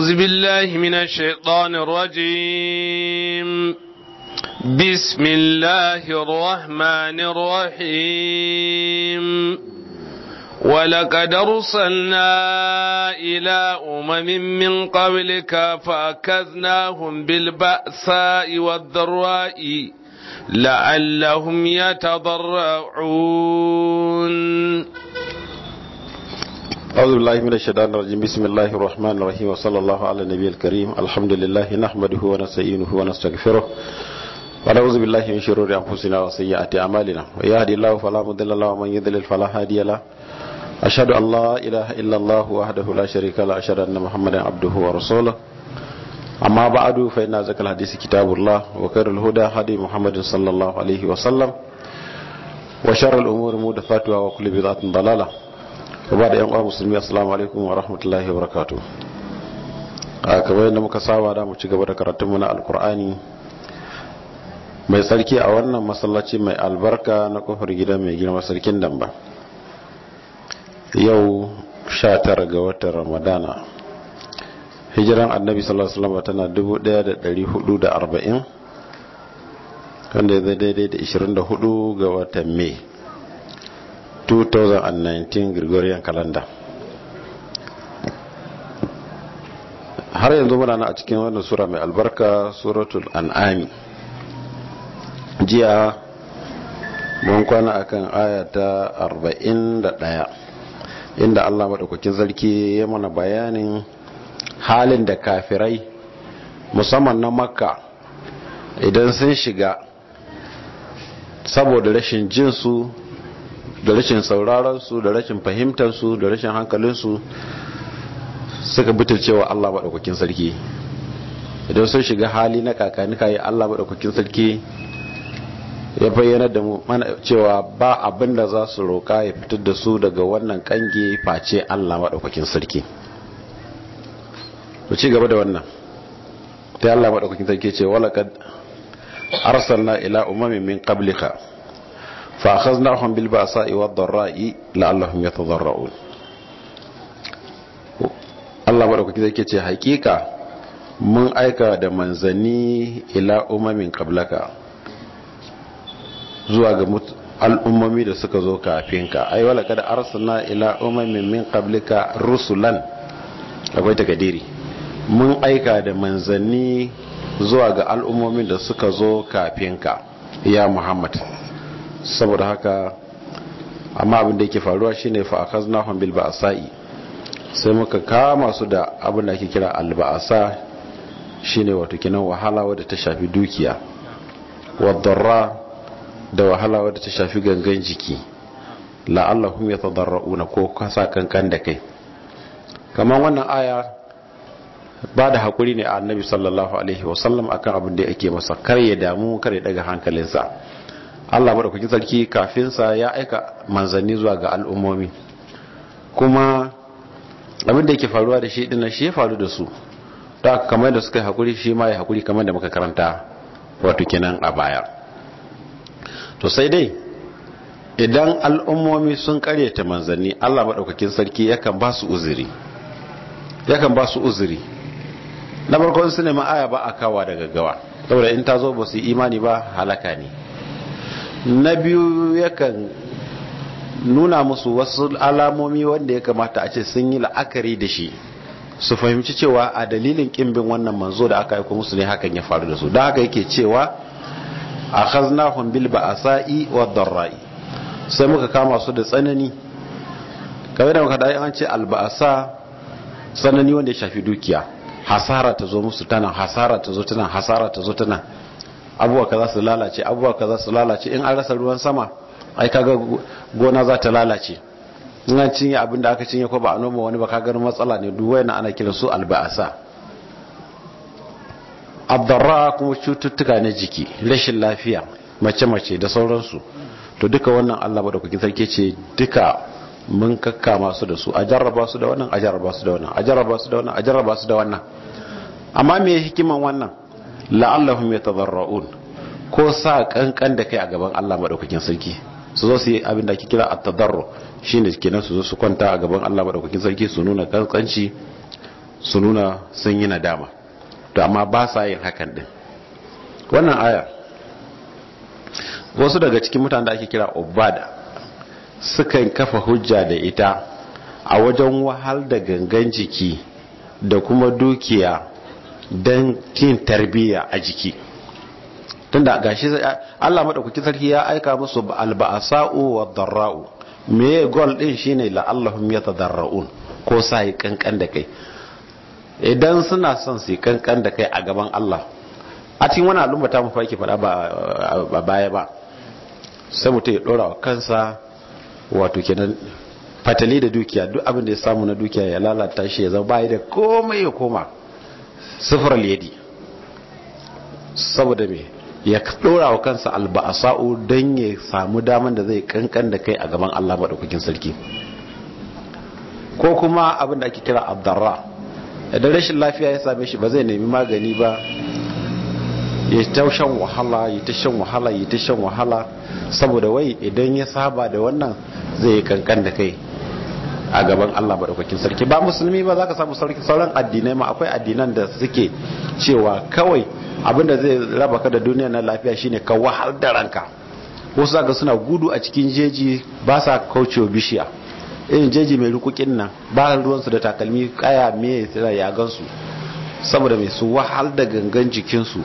أعوذ بالله من الشيطان الرجيم بسم الله الرحمن الرحيم ولقد أرسلنا إلى أمم من قبلك فأكذناهم بالبأساء والضراء لعلهم يتضرعون أعوذ بالله من الشيطان الرجيم بسم الله الرحمن الرحيم وصلى الله على النبي الكريم الحمد لله نحمده ونستعينه ونستغفره ونعوذ بالله من شرور أنفسنا وسيئات أعمالنا ويهدي الله فلا مضل له ومن يضلل فلا هادي له أشهد أن لا إله إلا الله وحده لا شريك له أشهد أن محمدا عبده ورسوله أما بعد فإن ذكر الحديث كتاب الله وخير الهدى هدي محمد صلى الله عليه وسلم وشر الأمور محدثاتها وكل بدعة ضلالة ba da yan uwa musulmi assalamu alaikum wa rahmatullahi wa barakatuh a kamar yadda muka saba da mu ci gaba da karatun na alkur'ani mai sarki a wannan masallaci mai albarka na kofar gida mai girma sarkin damba yau 19 ga watan ramadana hijiran annabi sallallahu alaihi wasallam tana 1440 wanda zai daidai da 24 ga watan mai 2019 Gregorian calendar har yanzu muna na a cikin wannan sura mai albarka suratul an'ami jiya mun kwana akan aya ta 41 inda Allah madaukakin sarki ya mana bayanin halin da kafirai musamman na makka idan sun shiga saboda rashin jinsu da rashin su da rashin fahimtarsu da rashin hankalinsu suka butulcewa Allah maɗaukakin sarki idan sun shiga hali na kakani kayi Allah maɗaukakin sarki ya bayyana da mu mana cewa ba abin da za su roƙa ya fitar da su daga wannan kange face Allah maɗaukakin sarki to ci gaba da wannan ta Allah maɗaukakin sarki ce walakad arsalna ila umamin min qablika فأخذناهم بالبأساء والضراء لعلهم يتضرعون Allah madaukaki zai ce hakika mun aika da manzanni ila umamin kablaka zuwa ga al'ummomi da suka zo kafinka ai wala kada arsalna ila umamin min qablika rusulan akwai takadiri mun aika da manzani zuwa ga al'ummomin da suka zo kafinka ya Muhammad saboda haka amma abin da yake faruwa shine fa akaznahum bil ba'sa'i sai muka kama su da abin da ake kira al ba'sa shine wato kinan wahala wadda ta shafi dukiya wadarra da wahala wadda ta shafi gangan jiki la'allahum yatadarrauna ko kasa kankan da kai kamar wannan aya ba da haƙuri ne a annabi sallallahu alaihi wasallam akan abin da yake masa kar ya damu kar ya daga hankalinsa Allah maɗaukakin sarki kafin sa ya aika manzanni zuwa ga al'ummomi kuma abin da yake faruwa da shi dinnan shi ya faru da su ta kamar da suka yi hakuri shi ma ya hakuri kamar da muka karanta wato kenan a baya to sai dai idan al'ummomi sun karyata manzanni Allah maɗaukakin sarki yakan ba su uziri ba uzuri na farkon su ne ma'aya ba a kawa daga gawa saboda in ta zo ba su imani ba halaka ne na biyu yakan nuna musu wasu alamomi wanda ya kamata a ce sun yi la'akari da shi su fahimci cewa a dalilin kimbin wannan manzo da aka aiko musu ne hakan ya faru da su don haka yake cewa a khaznahum a sa'i wa darra'i sai muka kama su da tsanani kawai da muka da an ce alba'asa tsanani wanda ya shafi dukiya hasara ta zo musu tana hasara ta zo tana hasara ta zo tana abubuwa za su lalace abubuwa za su lalace in an rasa ruwan sama ai kaga gona za ta lalace in an cinye abin da aka cinye ko ba a noma wani ba ka gani matsala ne duk wayannan ana kiran su alba'asa abdarra kuma cututtuka na jiki rashin lafiya mace-mace da sauransu to duka wannan Allah kuke sarki ce duka mun kakka masu da su a jarraba su da wannan a jarraba su da wannan a jarraba su da wannan a jarraba su da wannan amma me hikiman wannan la'allahum yatadarra'un ko sa kankan da kai a gaban Allah madaukakin sarki su zo su yi abin da ake kira at-tadarru shine kenan su zo su kwanta a gaban Allah madaukakin sarki su nuna kankanci su nuna sun yi nadama to amma ba sa yin hakan din wannan aya wasu daga cikin mutanen da ake kira ubada sukan kafa hujja da ita a wajen wahal da gangan jiki da kuma dukiya don kin tarbiyya a jiki tunda gashi Allah madaukakin sarki ya aika musu alba'asa'u wa darra'u me goal din shine la'allahum darra'un ko sa yi kankan da kai idan suna son su yi kankan da kai a gaban Allah a cikin wani al'umma ta mu faki fada ba baya ba sai mutum ya ɗora wa kansa wato kenan fatali da dukiya duk abin da ya samu na dukiya ya lalata shi ya zama bayi da komai ya koma Sufuran yadi saboda me ya ɗora wa kansa alba'asa'u don ya samu daman da zai kankan da kai a gaban Allah maɗaukakin sarki ko kuma abin da ake kira abdarra idan rashin lafiya ya same shi ba zai nemi magani ba ya ta shan wahala ya ta shan wahala ya ta shan wahala saboda wai idan ya saba da wannan zai kankan da kai a gaban Allah madaukakin sarki ba musulmi ba za ka samu sauran addinai ma akwai addinan da suke cewa kawai abin da zai raba ka da duniya na lafiya shine ka wahal da ranka wasu zaka suna gudu a cikin jeji ba sa kaucewa bishiya irin jeji mai rukukin nan ba su da takalmi kaya me ya gansu saboda mai su wahal da gangan jikinsu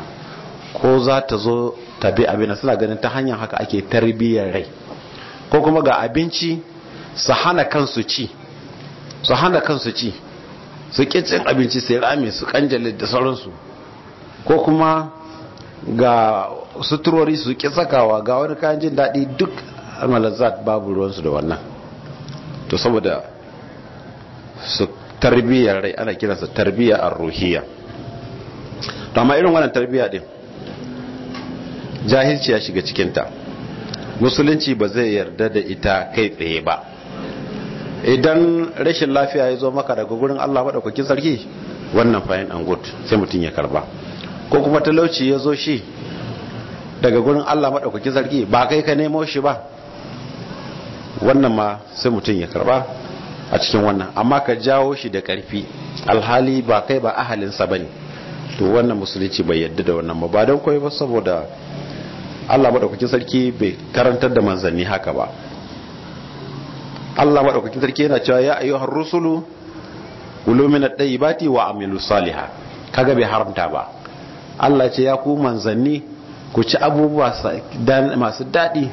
ko za ta zo tabi abin suna ganin ta hanyar haka ake tarbiyyar rai ko kuma ga abinci su hana kansu ci su hana kansu ci su kicin abinci sai rami su kanjale da sauransu ko kuma ga suturori su ki sakawa ga wani kayan jin daɗi duk malazat babu ruwansu da wannan to saboda su tarbiyyar rai ana kiransa tarbiyyar arruhiyya to amma irin wannan tarbiyya ɗin jahilci ya shiga cikinta musulunci ba zai yarda da ita kai tsaye ba idan rashin lafiya ya zo maka daga gurin Allah maɗaukakin sarki wannan fayin an gud sai mutum ya karba ko kuma talauci ya zo shi daga gurin Allah maɗaukakin sarki ba kai ka nemo shi ba wannan ma sai mutum ya karba a cikin wannan amma ka jawo shi da ƙarfi alhali ba kai ba ahalinsa ba ne to wannan musulunci bai yadda da wannan ba ba don koyi ba saboda Allah maɗaukakin sarki bai karantar da manzanni haka ba Allah madaukakin sarki yana cewa ya har rusulu ulumina min at-tayyibati wa amilu saliha kaga bai haramta ba Allah ce ya ku manzanni ku ci abubuwa masu daɗi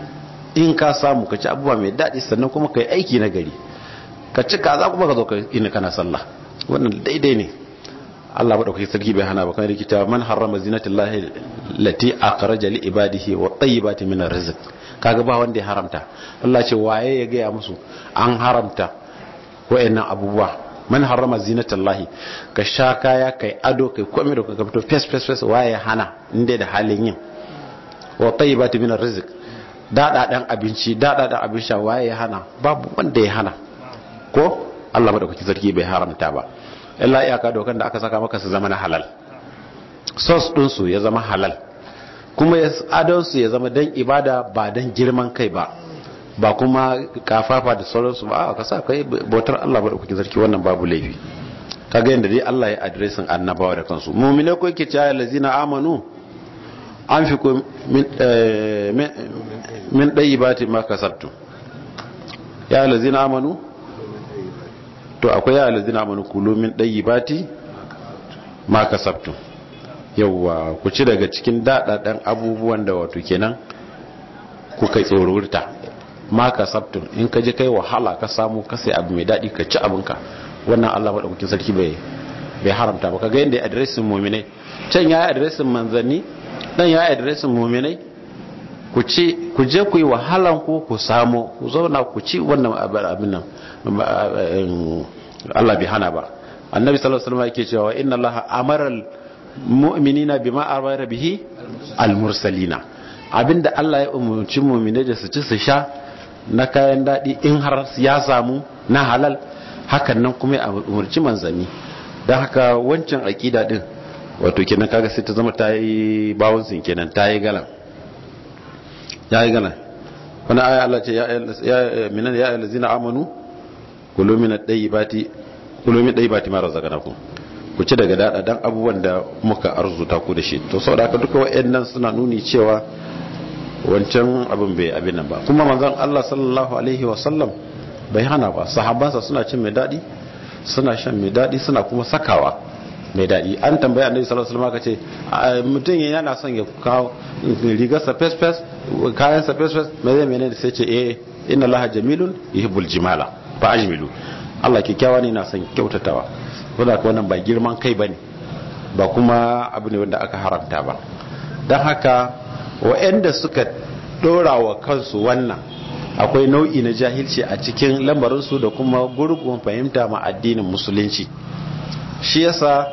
in ka samu ka ci abubuwa mai daɗi sannan kuma ka yi aiki na gari ka ci kaza kuma ka zo ka ina kana sallah wannan daidai ne Allah madaukaki sarki bai hana ba kan likita man harrama zinatullahi lati akhraja li ibadihi wa tayyibati min arrizq kaga ba wanda ya haramta Allah ce waye ya gaya musu an haramta wayannan abubuwa man harrama zinatullahi ka sha kaya kai ado kai komai da ka fito fes fes fes waye hana inda da halin yin wa tayyibati min arrizq dadadan abinci dadadan abin sha waye ya hana babu wanda ya hana ko Allah madaukaki sarki bai haramta ba illa iyaka dokan da aka saka maka su zama na halal sos su ya zama halal kuma adonsu ya zama dan ibada ba dan girman kai ba ba kuma kafafa da su ba a kasa kai bautar Allah maɗaukakin sarki wannan babu laifi kaga yanda dai Allah ya adiresin annabawa da kansu mumine ko yake cewa lazina amanu an fi min dayi ba ma kasabtu ya lazina amanu to akwai ya alladina amanu kulu min ti ma kasabtu yauwa ku ci daga cikin daɗaɗen abubuwan da wato kenan kuka tsorurta ma kasabtu in ka je kai wahala ka samu ka sai abu mai daɗi ka ci abinka wannan Allah madaukakin sarki bai haramta ba ka yanda ya adiresin mu'minai can ya yi adiresin manzanni dan ya adresin mu'minai ku ci ku je ku yi wahalan ku ku samu ku zauna ku ci wannan abin nan Eh, Allah bai hana ba annabi sallallahu alaihi wasallam yake cewa inna Allah amara almu'minina bima amara bihi almursalina abinda Allah ya umurci mu'minai da su ci su sha na kayan dadi in har ya samu na halal hakan nan kuma ya umurci manzanni don haka wancan aƙida din wato kenan kaga sai ta zama ta yi bawon sun kenan ta yi galan ya yi galan wani aya Allah ce ya eh, minan ya yi amanu Kulomi na at-tayyibati kulu min tayyibati ma ku ci daga dada dan abubuwan da muka arzuta ku da shi to da aka duka nan suna nuni cewa wancan abin bai abin nan ba kuma manzan Allah sallallahu alaihi wa sallam bai hana ba sahabansa suna cin mai daɗi suna shan mai daɗi suna kuma sakawa mai daɗi an tambaya annabi sallallahu alaihi wa ka ce mutum yana son ya kawo rigarsa fes fes kayan sa fes fes mai zai da sai ce eh inna allaha jamilun yuhibbul jimala fa ajmilu Allah kyakkyawa ne na son kyautatawa wanda kuma wannan ba girman kai bane ba kuma abu ne wanda aka haramta ba dan haka waɗanda suka dora wa kansu wannan akwai nau'i na jahilci a cikin lamarinsu da kuma gurgun fahimta ma addinin musulunci shi yasa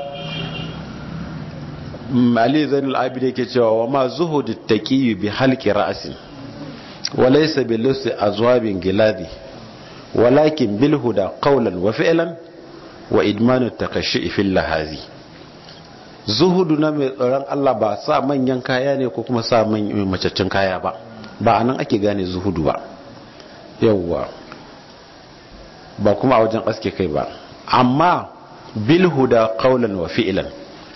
mali Zainul Abidin ke cewa wa ma zuhudu taqiyu bi halki ra'sin wa laysa lusi azwabin giladi walakin bilhu da qawlan wa fi'lan wa idmanu takashi fil lahazi zuhudu na mai tsoron Allah ba sa manyan kaya ne ko kuma sa manyan macaccin kaya ba ba nan ake gane zuhudu ba yawwa ba kuma a wajen aske kai ba amma bilhu da qawlan wa fi'lan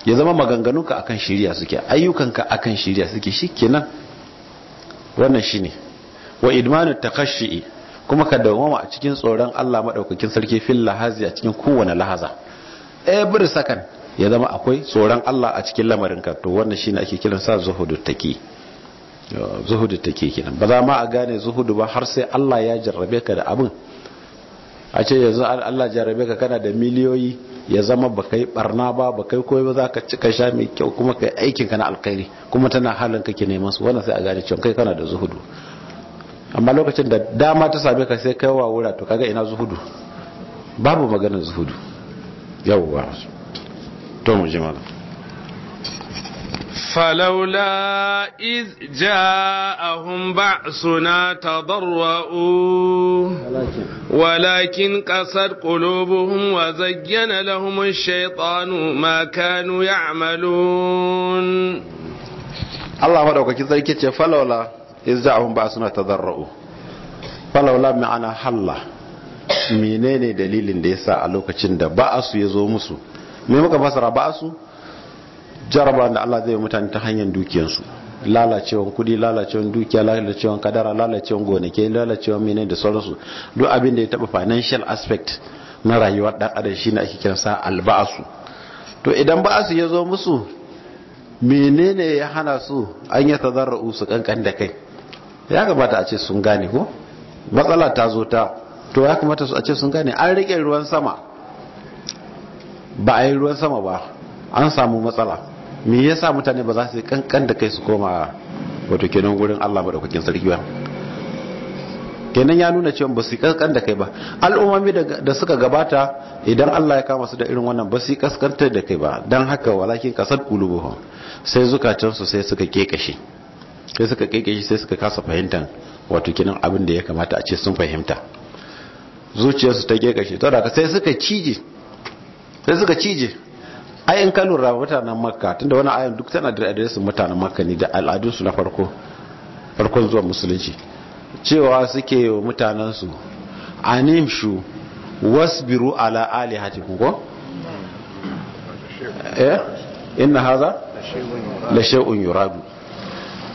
ya zama maganganunka akan shiriya suke ayyukanka akan shiriya suke shikenan wannan shine wa idmanu takashi kuma ka dawoma a cikin tsoron Allah madaukakin sarki fil lahazi a cikin kowane lahaza every second ya zama akwai tsoron Allah a cikin lamarin ka to wannan shine ake kiran sa zuhudu take uh, zuhudu take kenan ba za ma a gane zuhudu ba har sai Allah ya jarrabe ka da abin a ce yanzu Allah jarrabe ka kana da miliyoyi ya zama ba kai barna ba ba kai koyi ba za ka cika sha mai kyau kuma kai aikin ka na alkhairi kuma tana halin kake neman su wannan sai a gane cewa kai kana da zuhudu amma lokacin da dama ta same ka sai kaiwa wura to kaga ina zuhudu babu maganar zuhudu yawwa to mu jima فلولا إذ جاءهم بعثنا تضرؤوا ولكن قصد قلوبهم وزين لهم الشيطان ما كانوا يعملون الله مدعوك كذلك فلولا izza'ahum ba suna tadarra'u la ma'ana halla menene dalilin da yasa a lokacin da ba'asu ya zo musu me muka fasara ba'asu jaraba da Allah zai mutane ta hanyar su lalacewan kudi lalacewan dukiya lalacewan kadara lalacewan gonake lalacewan menene da sauransu duk abin da ya taba financial aspect na rayuwar dan adam shine ake sa alba'asu to idan ba'asu ya zo musu menene ya hana su an ya tazarra'u su kankan da kai ya kamata a ce sun gane ko matsala ta zo ta to ya kamata a ce sun gane an riƙe ruwan sama ba a yi ruwan sama ba an samu matsala me yasa mutane ba za su kankan da kai su koma wato kenan gurin Allah maɗaukakin sarki ba kenan ya nuna cewa ba su kankan da kai ba al'ummomi da suka gabata idan Allah ya kama su da irin wannan ba su kaskantar da kai ba don haka walakin kasar kulubuhum sai zukatansu sai suka kekashe sai suka keke shi sai suka kasa fahimtar wato kinan abin da ya kamata a ce sun fahimta zuciyarsu ta keke shi daga sai suka cije sai suka cije ai in ka mutanen makka tunda wani ayan duk tana da adresin mutanen makka ne da al'adunsu na farko farkon zuwa musulunci cewa suke wa mutanensu animshu wasbiru ala alihatikum ko eh inna hadha la shay'un yuradu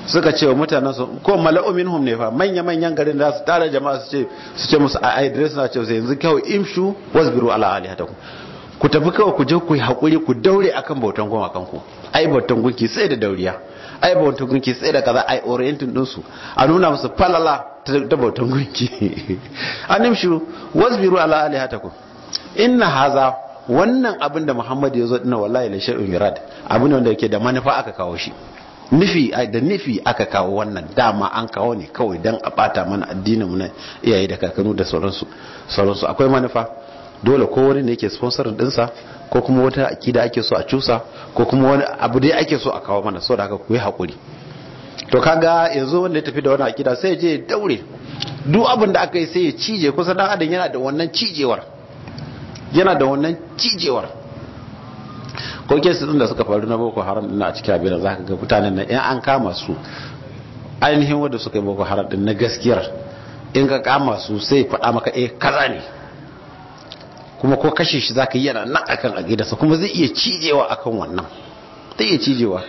suka ce wa mutanen su ko mala'u minhum ne fa manya manyan garin da su tare jama'a su ce su ce musu a Idris na ce yanzu kawai imshu wasbiru ala alihatakum ku tafi kawai ku je ku yi hakuri ku daure akan bautan gumakan ku ai bautan gunki sai da dauriya ai bautan gunki sai da kaza ai orientin din su a nuna musu falala ta bautan gunki an imshu wasbiru ala alihatakum inna haza wannan abin da Muhammad ya zo dina wallahi la shay'un mirad abin wanda yake da manufa aka kawo shi nufi da nufi aka kawo wannan dama an kawo ne kawai don a bata mana addininmu na iyaye da kakanu da sauransu akwai manufa dole ko wani ne yake sponsorin dinsa ko kuma wata akida ake so a cusa ko kuma wani abu dai ake so a kawo mana saboda da aka yi hakuri to kaga yanzu wanda ya tafi da wani akida sai je daure duk abin da aka yi sai ya cije kusa dan adam yana da wannan cijewar yana da wannan cijewar ko kesu din da suka faru na boko haram din a cikin abin za ka ga mutanen nan in an kama su ainihin wanda suka yi boko haram din na gaskiyar in ka kama su sai faɗa maka eh kaza ne kuma ko kashe shi za ka yi yana nan akan agidarsa kuma zai iya cijewa akan wannan zai iya cijewa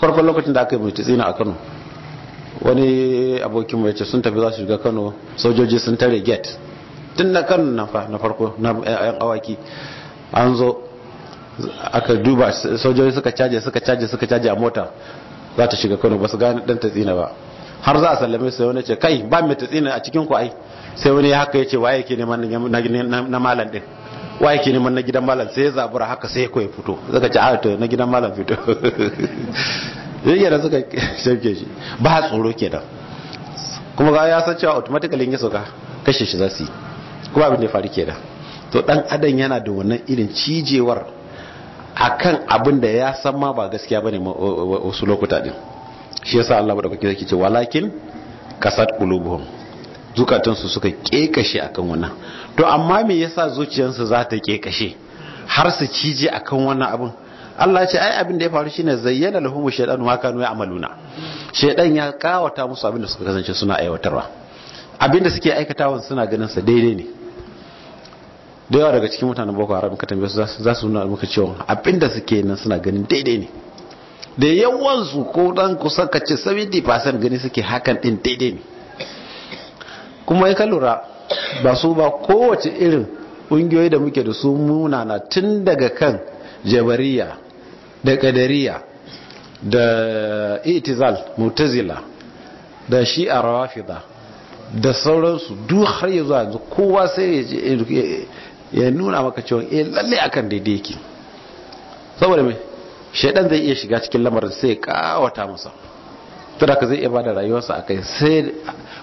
farkon lokacin da aka yi mutu tsina a kano wani abokin mai ce sun tafi za su shiga kano sojoji sun tare gate tun na kano na farko na yan awaki an zo aka duba sojoji suka caje suka caje suka caje a mota za ta shiga kano ba su gane dan tatsina ba har za a sallame sai wani ce kai ba mai tatsina a cikin ku ai sai wani haka ya ce waye ke neman na malam din waye ke neman na gidan malam sai ya zabura haka sai ko ya fito zaka ce a to na gidan malam fito yayi da suka shauke shi ba tsoro kenan kuma ga ya san cewa automatically ya soka kashe shi za su yi kuma abin da ya faru kenan to dan adam yana da wannan irin cijewar akan abin da ya san ma ba gaskiya bane wasu lokuta din shi yasa Allah madaukaki yake ce walakin kasat qulubuhum su suka kekashe akan wannan to amma me yasa zuciyarsu za ta kekashe har su cije akan wannan abin Allah ce ai abin da ya faru shine zayyana lahumu shaytanu ma kanu ya'maluna shaytan ya kawata musu abin da suka kasance suna aiwatarwa abin da suke aikatawa suna ganin sa daidai ne da yawa daga cikin mutanen boko haram ka tambaye su za su nuna maka cewa abinda suke nan suna ganin daidai ne da yawansu ko dan kusan ka ce 70% gani suke hakan din daidai ne kuma ya lura ba su ba kowace irin ƙungiyoyi da muke da su muna na tun daga kan jabariya da kadariya da itizal mutazila da shi'a rawafida da sauransu duk har yanzu kowa sai ya nuna maka cewa eh lalle akan daidai yake saboda me shaydan zai iya shiga cikin lamarin sai ya kawata masa to da ka zai iya bada rayuwarsa akai sai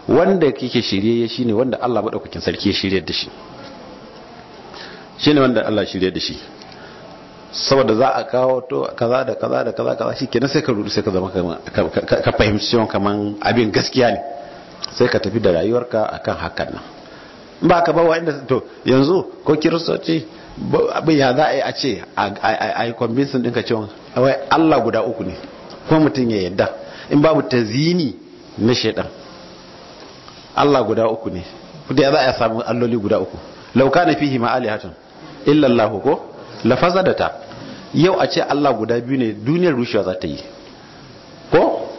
wanda kike shirye shi ne wanda Allah madaukakin sarki ya shirye da shi shine wanda Allah shirye da shi saboda za a kawo to kaza da kaza da kaza kaza shikenan sai ka rudu sai ka zama ka fahimci cewa kaman abin gaskiya ne sai ka tafi da rayuwarka akan hakan nan ba ka ba wa'anda to yanzu ko kiristoci ya za a yi a ce a yi kwambinsin ɗinka cewa wai Allah guda uku ne ko mutum ya yadda in babu tazini na shaidan Allah guda uku ne kuma ya za a yi samun alloli guda uku lauka na fihi hatun illallahu ko la ta yau a ce Allah guda biyu ne duniyar rushewa za ta yi ko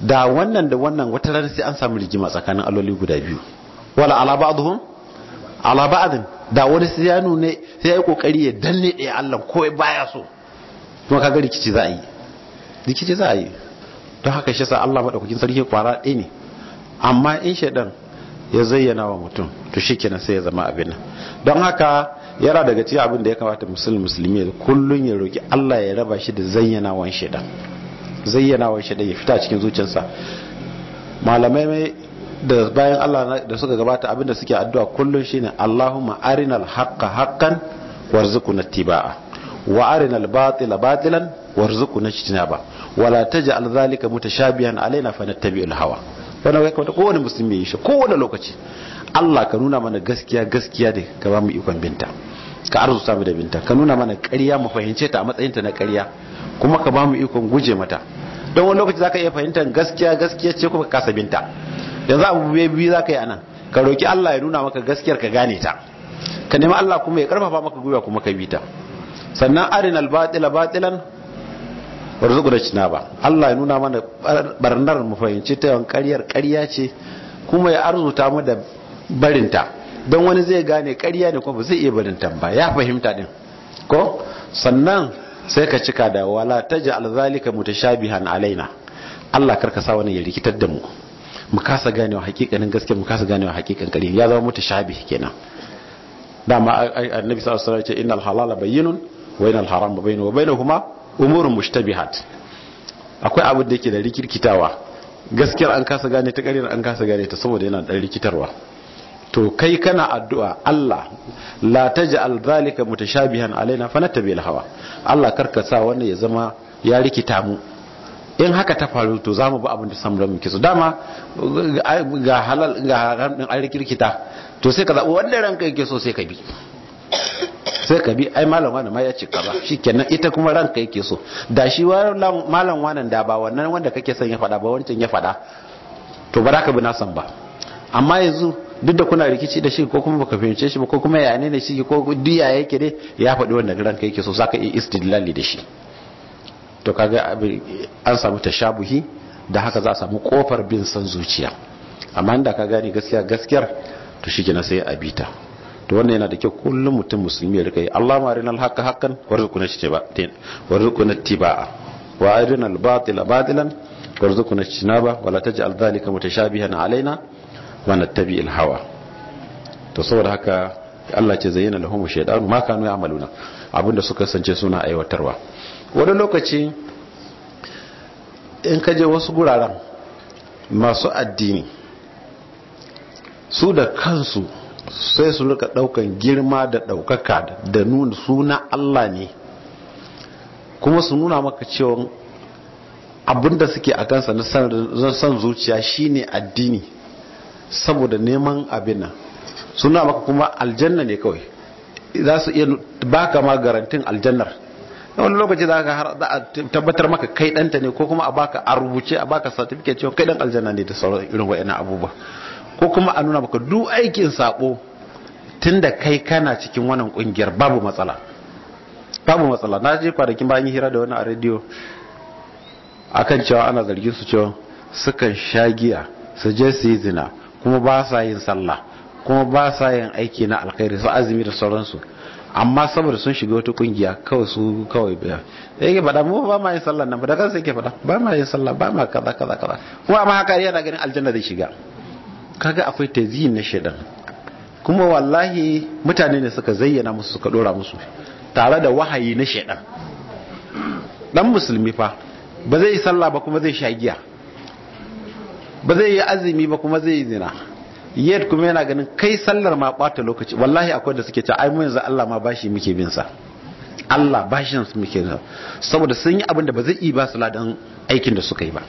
da wannan da wannan wata ranar sai an samu rigima tsakanin alloli guda biyu wala ala ba'dhum ala ba'd da wani sai ya nune sai ya yi kokari ya danne da Allah ko baya so kuma kaga rikici za a yi rikici za a yi don haka shi sa Allah madaukakin sarki kwara ɗaya ne amma in shaidan ya zayyana wa mutum to shikenan sai ya zama abin nan don haka yana daga cikin abin da ya kamata musulmi musulmi kullun ya roki Allah ya raba shi da zayyana wa shaidan zayyana wa shaidan ya fita cikin zuciyarsa malamai da bayan Allah da suka gabata abinda suke addu'a kullum shine Allahumma arinal haqqa haqqan warzuqna ittiba'a wa arinal batila batilan warzuqna ijtinaba wa la taj'al dhalika mutashabihan alaina fanattabi'ul hawa wannan kai kuma kowane musulmi ya shi kowane lokaci Allah ka nuna mana gaskiya gaskiya da ka ba mu ikon binta ka arzu samu da binta ka nuna mana ƙarya mu fahimce ta a matsayin ta na ƙarya kuma ka ba mu ikon guje mata don wani lokaci zaka iya fahimtar gaskiya gaskiya ce kuma ka kasa binta yanzu abu biyu za ka yi anan ka roki Allah ya nuna maka gaskiyar ka gane ta ka nemi Allah kuma ya karfafa maka gwiwa kuma ka bi ta sannan arin albatila batilan warzuku da cina ba Allah ya nuna mana barnar mu fahimci ta yawan karyar karya ce kuma ya arzuta mu da barinta don wani zai gane karya ne kuma ba zai iya barinta ba ya fahimta din ko sannan sai ka cika da wala taja alzalika mutashabihan alaina Allah karka sa wani ya rikitar da mu mu kasa ganewa hakikanin gaske mu kasa ganewa hakikan kare ya zama shabi kenan dama annabi sallallahu alaihi wasallam ya ce innal halala bayyinun wa innal harama bayyinun wa bainahuma umurun mushtabihat akwai abu da yake da rikirkitawa gaskiyar an kasa gane ta karir an kasa gane ta saboda yana da rikitarwa to kai kana addu'a Allah la taj'al zalika mutashabihan alaina fanattabi al hawa Allah karka sa wannan ya zama ya rikita mu in haka ta faru to za mu bi abin da samu da muke so dama ga halal ga haramdin an rikirkita to sai ka zaɓi wanda ranka yake so sai ka bi sai ka bi ai malam wani ma ya ce ka ba kenan ita kuma ranka yake so da shi malam wani da ba wannan wanda kake son ya faɗa ba wancan ya faɗa to ba za ka bi na san ba amma yanzu duk da kuna rikici da shi ko kuma baka fahimce shi ba ko kuma ya ne da shi ko duk yake ne ya faɗi wanda ranka yake so zaka yi istidlali da shi to kaga an samu tashabuhi da haka za a samu kofar bin san zuciya amma inda ka gani gaskiya gaskiyar to shi na sai a bita to wannan yana da kyau kullum mutum musulmi ya rika yi Allah ma haka hakan haqqan na warzuquna tibaa wa arinal batila batilan warzuqna tinaba wala taj'al dhalika mutashabihan alaina wa nattabi'il hawa to saboda haka Allah ce zayyana lahum shaytan ma kanu ya'maluna abinda suka sance suna aiwatarwa wani lokaci in ka je wasu guraren masu addini su da kansu sai su rika daukan girma da daukaka da nuna suna Allah ne kuma su nuna maka cewa abinda suke a kansa na san zuciya shine addini saboda neman abin nan suna maka kuma aljanna ne kawai za su iya baka ma garantin aljannar wani lokaci za ka har za tabbatar maka kai ɗanta ne ko kuma a baka a rubuce a baka certificate cewa kai ɗan aljanna ne da sauran irin wa'ina abubuwa ko kuma a nuna maka duk aikin sabo da kai kana cikin wannan kungiyar babu matsala babu matsala na je kwanakin bayan hira da wani a rediyo akan cewa ana zargin su cewa sukan sha giya su je su yi zina kuma ba sa yin sallah kuma ba sa yin aiki na alkhairi su azumi da sauransu amma saboda sun shiga wata kungiya kawai su kawai biya sai yake faɗa mu ba ma yin sallah nan ba da kansa yake faɗa ba ma yin sallah ba ma kaza kaza kaza kuma amma haka yana ganin aljanna zai shiga kaga akwai tazyin na shedan kuma wallahi mutane ne suka zayyana musu suka dora musu tare da wahayi na shedan dan musulmi fa ba zai yi sallah ba kuma zai sha giya ba zai yi azumi ba kuma zai yi zina yet kuma yana ganin kai sallar ma bata lokaci wallahi akwai da suke ta ai mu yanzu Allah ma bashi muke bin sa Allah bashin su muke bin saboda sun yi abin da ba zai yi ba su ladan aikin da suka yi ba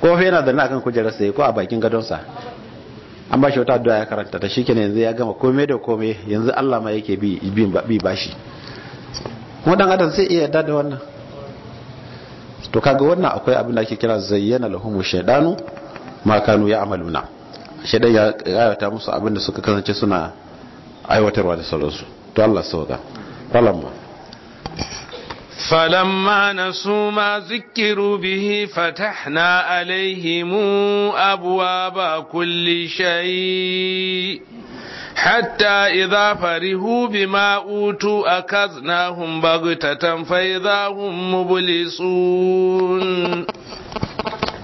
ko fa yana da na kan kujerar sa ko a bakin gadon sa an bashi wata addu'a ya karanta ta shikenan yanzu ya gama komai da komai yanzu Allah ma yake bi bi bashi kuma dan adam sai iya yarda da wannan to kaga wannan akwai abin da ake kira zayyana lahumu shaydanu ma kanu ya'maluna shaidan ya ayata musu abinda suka kasance suna aiwatarwa da sauransu to Allah sauka falamma falamma nasu ma zikiru bihi fatahna alaihim abwaaba kulli shay farihu bima utu akaznahum أوتوا fa idza hum mublisun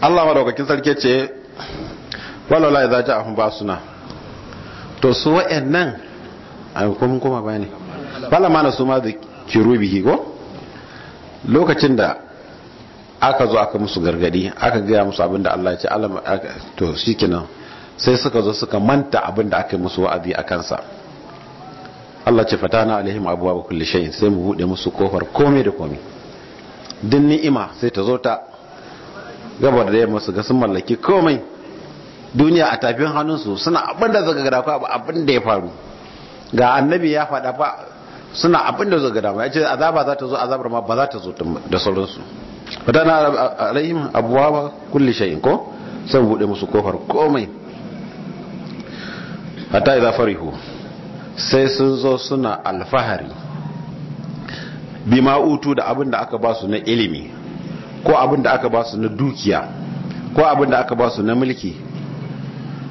Allah madaukakin sarki ce. walawala idza ja'ahum basuna to su wa'annan ai mun koma bayani bala mana su ma da kirubihi ko lokacin da aka zo aka musu gargadi aka gaya musu abinda Allah ya ce alam to shikenan sai suka zo suka manta abinda aka yi musu wa'azi a kansa Allah ce fatana alaihim ba kulli shay'in sai mu bude musu kofar komai da komai din ni'ima sai ta zo ta Gabar da yamma su ga sun mallaki komai duniya a tafin hannunsu suna abin da zaga gada ba abin da ya faru ga annabi ya faɗa fa suna abin da zaga gada ya ce azaba za ta zo azabar ma ba za ta zo da sauransu fatana alayhim ba kulli shay'in ko sai bude musu kofar komai hatta zafari hu sai sun zo suna alfahari bi ma'utu da abin da aka ba su na ilimi ko abin da aka ba su na dukiya ko abin da aka ba su na mulki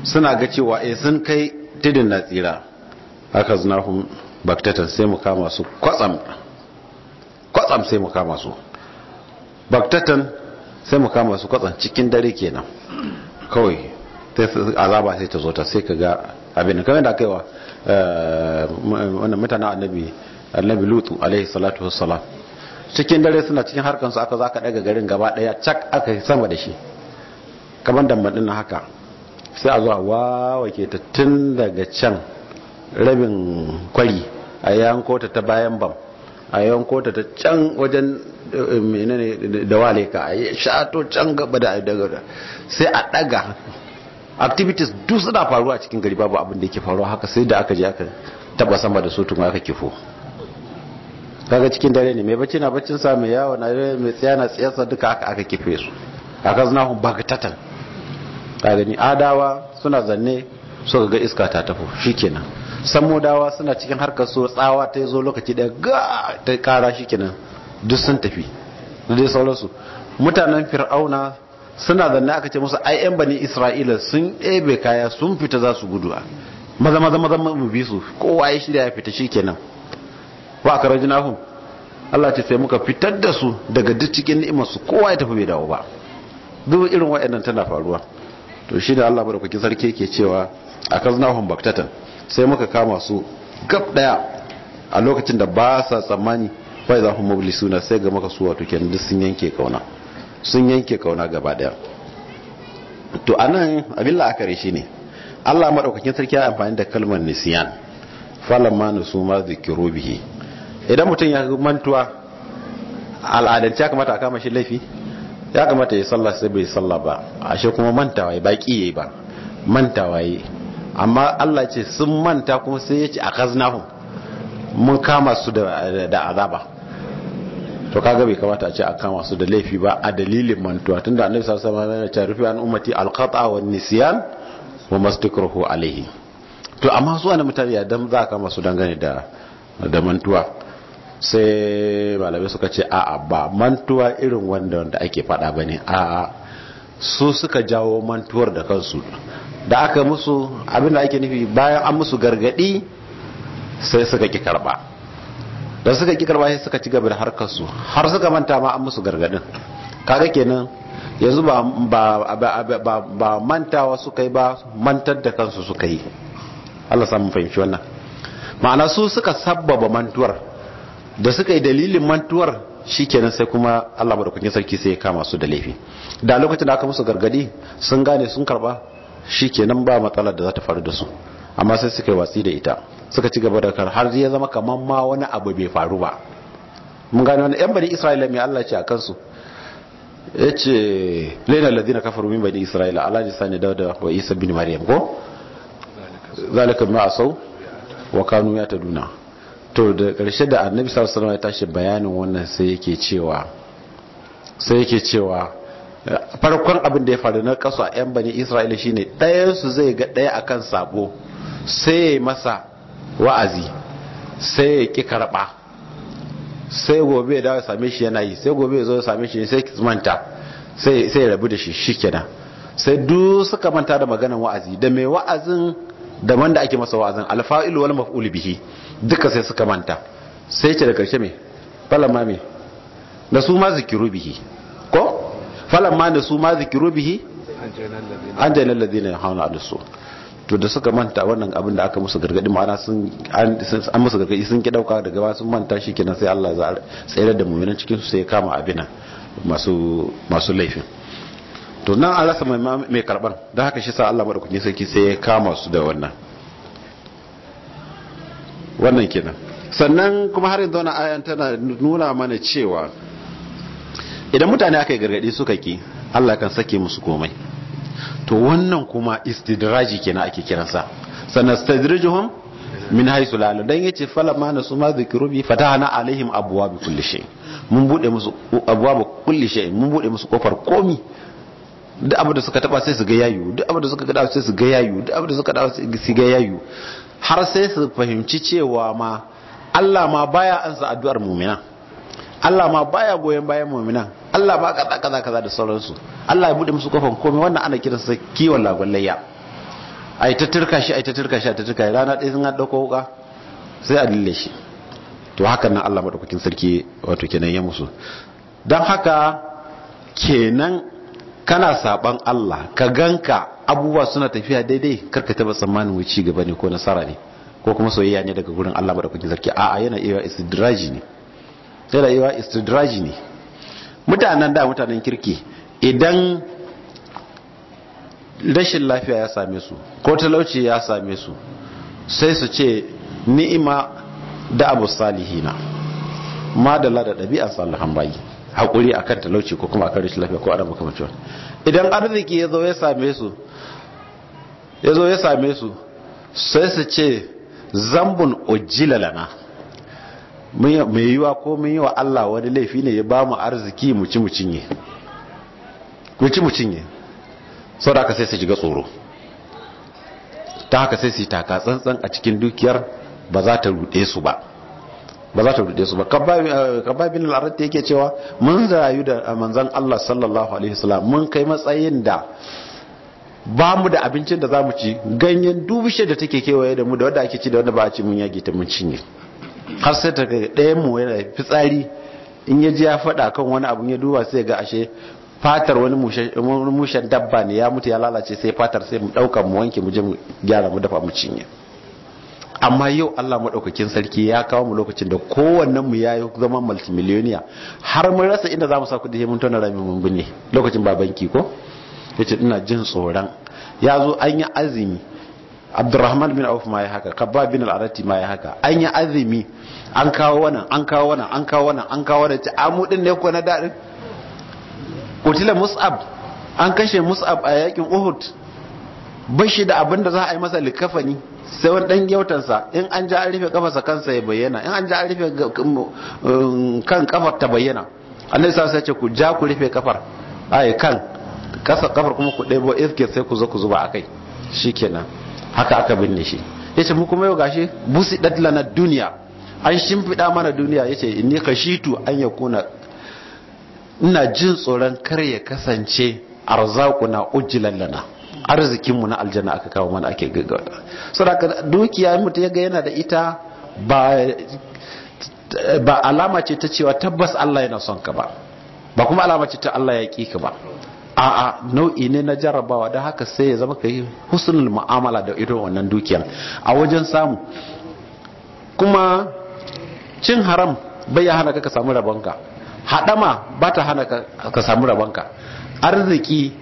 suna ga cewa eh sun kai tidin na tsira zina hun baktatan sai mu kama su kwatsam kwatsam sai mu kama su baktatan sai mu kama su kwatsam cikin dare kenan kawai azaba sai ta zo ta sai ka ga abin kamar da kaiwa eh, wannan mutanen annabi annabi lutu alaihi salatu wassalam cikin dare suna cikin harkansu aka za ka daga garin gaba daya cak aka sama da shi kamar damban din haka sai a zuwa wawake ta tun daga can rabin kwari a yanko ta ta bayan bam a yanko ta ta can wajen eh, menene da wale ka a shato can gaba da daga sai a daga activities duk suna faruwa a cikin gari babu abin da yake faruwa haka sai da aka je aka taba sama da su tun aka kifo kaga cikin dare ne mai bacci na baccin sa mai yawo na mai tsaya na tsayarsa duka haka aka kife su aka zuna hun bagatatan ka gani adawa suna zanne suka ga iska ta tafi shikenan samodawa suna cikin harkar so tsawa ta zo lokaci daya ga ta kara shikenan duk sun tafi sauransu mutanen fir'auna suna zanne aka ce musu ai yan bani isra'ila sun ebe kaya sun fita za su gudu maza maza maza mu bi su kowa ya shirya ya fita shikenan wa aka Allah ce sai muka fitar da su daga duk cikin ni'imar su kowa ya tafi bai dawo ba duk irin waɗannan tana faruwa to shi da Allah kwaki sarki ke cewa a akaznahum baktatan sai muka kama su gab daya a lokacin da ba sa tsammani bai za hum suna sai ga maka su wato duk sun yanke kauna sun yanke kauna gaba daya to a nan abin la'akari ne Allah maɗaukakin sarki ya amfani da kalmar Nisiyan na su ma zikiro bihi idan mutum ya mantuwa al'adance ya kamata a kama shi laifi ya kamata ya sallah sai bai sallah ba ashe kuma mantawa ya baki yayi ba mantawa yi amma Allah ce sun manta kuma sai ya ce a kaznahu mun kama su da azaba to kaga bai kamata a ce a kama su da laifi ba a dalilin mantuwa tunda annabi sallallahu alaihi wasallam ya ce rufi an ummati alqata wa nisyan wa mastakruhu alaihi to amma su ana mutane ya dan za ka masu dangane da da mantuwa sai malamai suka ce a'a ba mantuwa irin wanda wanda ake fada ne a'a su suka jawo mantuwar da kansu da aka musu abinda ake nufi bayan an musu gargadi sai suka ki karba da suka ki karba sai suka ci gaba da harkar har suka manta ma an musu gargadin kaga kenan yanzu ba ba ba mantawa suka yi ba mantar da kansu suka yi Allah samu fahimci wannan ma'ana su suka sabbaba mantuwar da suka yi dalilin mantuwar shi kenan sai kuma Allah madaukakin sarki sai ya kama su da laifi da lokacin da aka musu gargadi sun gane sun karba shi kenan ba matsalar da za ta faru da su amma sai suka yi watsi da ita suka ci gaba da kar har ya zama kamar ma wani abu bai faru ba mun gane wani yan bani isra'ila mai Allah ce a kansu ya ce lainar ladina kafar min bani isra'ila Allah ji sani dauda wa isa bin maryam ko zalika ma asau wa kanu ya ta duna to da ƙarshe da annabi sallallahu ya tashi bayanin wannan sai yake cewa sai yake cewa farkon abin da ya faru na kaso a yan bani isra'ila shine ɗayan su zai ga ɗaya akan sabo sai ya yi masa wa'azi sai ya ki karɓa sai gobe ya dawo same shi yana yi sai gobe ya zo ya same shi sai manta sai ya rabu da shi shikenan sai duk suka manta da maganan wa'azi da mai wa'azin da wanda ake masa wa'azin alfa'il wal maf'ul bihi duka sai suka manta sai ce da karshe mai falamma me da su ma zikiru bihi ko falamma da su ma zikiru bihi an jana ladina ya hauna alisu to da suka manta wannan abin da aka musu gargadi ma'ana sun an musu gargadi sun ki dauka daga ba sun manta shi kenan sai Allah tsere da mu'minan cikin su sai kama abina masu laifin to nan Allah mai mai karban don haka shi sa Allah madaukakin sai ya kama su da wannan wannan kenan sannan kuma har yanzu wannan ayan tana nuna mana cewa idan mutane aka yi gargadi suka ki Allah kan sake musu komai to wannan kuma istidraji kenan ake kiransa sannan stadrijuhum min haisu la dan yace falamma nasu ma zikru bi fatahna alaihim abwaab kulli shay mun bude musu abwaab kulli shay mun bude musu kofar komi duk abin da suka taba sai su ga yayu duk abin da suka ga sai su ga yayu duk abin da suka taba sai su ga yayu har sai su fahimci cewa ma Allah ma baya ansa addu'ar mu'mina Allah ma baya goyon bayan mu'mina Allah ba kaza kaza kaza da sauransu Allah ya bude musu kofan komai wannan ana kiransa kiwon lagwallayya ai ta turka shi ai ta turka shi ta turka rana ɗaya sun haɗa ko wuka sai a dille shi to hakan nan Allah madaukakin sarki wato kenan ya musu don haka kenan kana saban Allah ka ganka abubuwa suna tafiya daidai karka taba tsammanin wai ci gaba ne ko nasara ne ko kuma soyayya ne daga gurin Allah madaukakin sarki a'a yana iya istidraji ne yana iya istidraji ne mutanen da mutanen kirki idan rashin lafiya ya same su ko talauci ya same su sai su ce ni'ima da abu salihina madalla da ɗabi'a salihan bayi haƙuri akan talauci ko kuma akan rashin lafiya ko ana makamacin idan arziki ya zo ya same su ya zo ya same su sai su ce zambun ojjila lana mai yiwa ko mun yi wa Allah wani laifi ne ya ba mu arziki mu ci mu cinye sau da aka sai su shiga tsoro ta haka sai su yi taka tsantsan a cikin dukiyar ba za ta rute su ba ba za ta rute su ba kababin eh, al'arar ta yake cewa mun zayu da manzan Allah sallallahu alaihi wasallam mun kai matsayin da ba mu da abincin da za mu ci ganyen dubishe da take kewaye da mu da wadda ake ci da wadda ba a ci mun yage ta mun cinye har sai ta ga ɗaya mu yana fitsari in ya ji ya faɗa kan wani abu ya duba sai ga ashe fatar wani mushen dabba ne ya mutu ya lalace sai fatar sai mu ɗauka mu wanke mu je mu gyara mu dafa mu cinye amma yau Allah maɗaukakin sarki ya kawo mu lokacin da kowannen mu ya yi zama multimillionaire har mun rasa inda za mu sa kuɗi mun tona rami mun binne lokacin ba banki ko yace ina jin tsoron ya zo an yi azumi abdurrahman bin auf ma ya haka kabba bin al'arati ma ya haka an yi azumi an kawo wannan an kawo wannan an kawo wannan an kawo wannan ci amu ah, din ne ko na dadin kutila mus'ab an kashe mus'ab a yakin uhud bashi da abin da za a yi masa likafani sai wani dan gyautansa in an ja an rufe kafarsa kansa ya bayyana in an ja an rufe um, um, kan kafar ta bayyana annabi sa sai ce ku ja ku rufe kafar ai kan kasa kafar kuma ku ɗebo iskir sai ku zo ku zuba a kai shi kenan haka aka binne shi ya ce kuma yau gashi busi na duniya an shimfiɗa mana duniya ya yace inni kashitu an kuna ina jin tsoron kar ya kasance arzaku na lana arzikinmu na aljanna aka kawo mana ake gaggawa saboda dukiya mutum ya yana da ita ba ba alama ce ta cewa tabbas Allah yana son ka ba ba kuma alama ce ta Allah ya ki ka ba a'a nau'i ne na jarabawa don haka sai ya zama ka yi husnul mu'amala da irin wannan dukiyar a wajen samu kuma cin haram bai ya hana ka samu rabonka haɗama ba ta hana ka samu rabonka arziki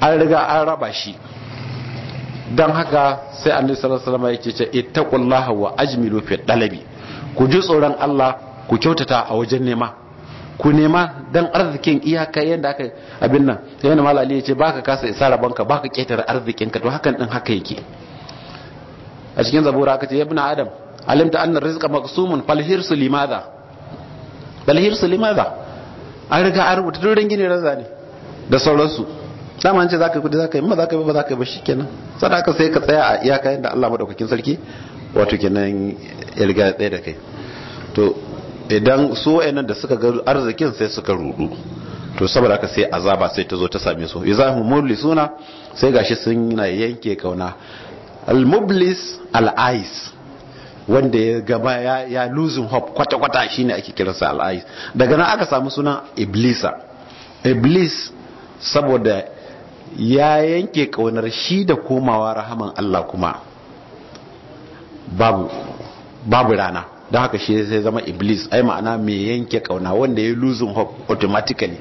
an riga an raba shi don haka sai an sallallahu salama ya yake ce ittaqullaha wa ajmilu fi ɗalabi ku ji tsoron Allah ku kyautata a wajen nema ku nema dan arzikin iyaka yadda aka abin nan yana malali ya ce baka kasa isa rabanka baka ketare arzikin ka to hakan din haka yake a cikin zabura aka ce ya ibn adam alimta anna rizqa maqsumun fal hirsu limadha fal hirsu limadha an riga an rubuta duk rangin raza ne da sauransu dama an ce zaka kudi zaka yi ma zaka yi ba zaka yi ba shikenan sadaka sai ka tsaya a iyaka yadda Allah madaukakin sarki wato kenan ya riga ya da kai to idan su wayannan da suka ga arzikin sai suka rudu to saboda haka sai azaba sai ta zo ta same su izahum suna sai gashi sun na yanke kauna al-mublis al-ais wanda ya gaba ya, ya losing hope kwata-kwata shine ake kiransa al-ais daga nan aka samu sunan iblisa iblis saboda ya yanke kaunar shi da komawa rahaman Allah kuma babu rana don haka shi zai zama iblis ai ma'ana mai yanke kauna wanda ya lose hope automatically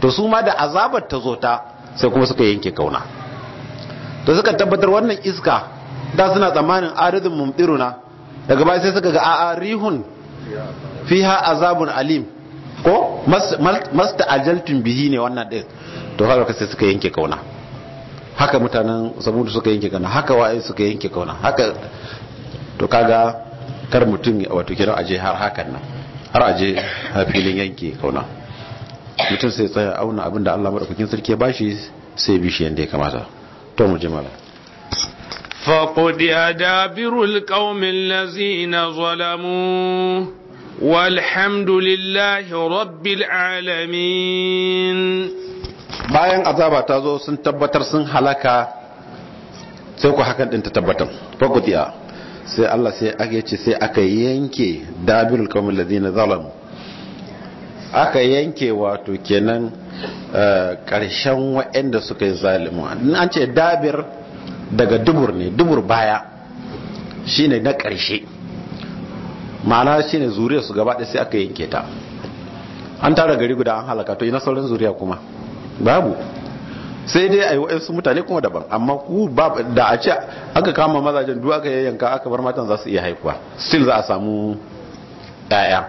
to su ma da azabar ta zo ta sai kuma suka yanke kauna to suka tabbatar wannan iska da suna tsammanin aridin mumtiruna daga baya sai suka ga a'a rihun fiha azabun alim ko masta ajaltun bihi ne wannan din to haka sai suka yanke kauna haka mutanen saboda suka yanke kauna haka wa'ai suka yanke kauna haka to kaga kar mutum ya wato kira aje har hakan nan har aje filin yanke kauna mutum sai tsaya auna abinda Allah madaukakin sarki ya bashi sai bi shi yanda ya kamata to mu jimala فقد أدابر القوم الذين ظلموا والحمد لله رب العالمين bayan azaba ta zo sun tabbatar sun halaka sai ku hakan din ta tabbatar fakutiya sai Allah sai aka yace sai aka yanke dabirul qawmil ladina zalamu aka yanke wato kenan eh, karshen waɗanda suka yi zalimu an ce dabir daga dubur ne dubur baya shine na karshe ma'ana shine zuriyar su gaba sai aka yanke ta an tara gari guda an halaka to ina sauran zuriya kuma babu sai dai a yi wa'yansu mutane kuma daban amma ku da a ce aka kama mazajen duk aka yayyanka aka bar matan za su iya haikuwa still za a samu ɗaya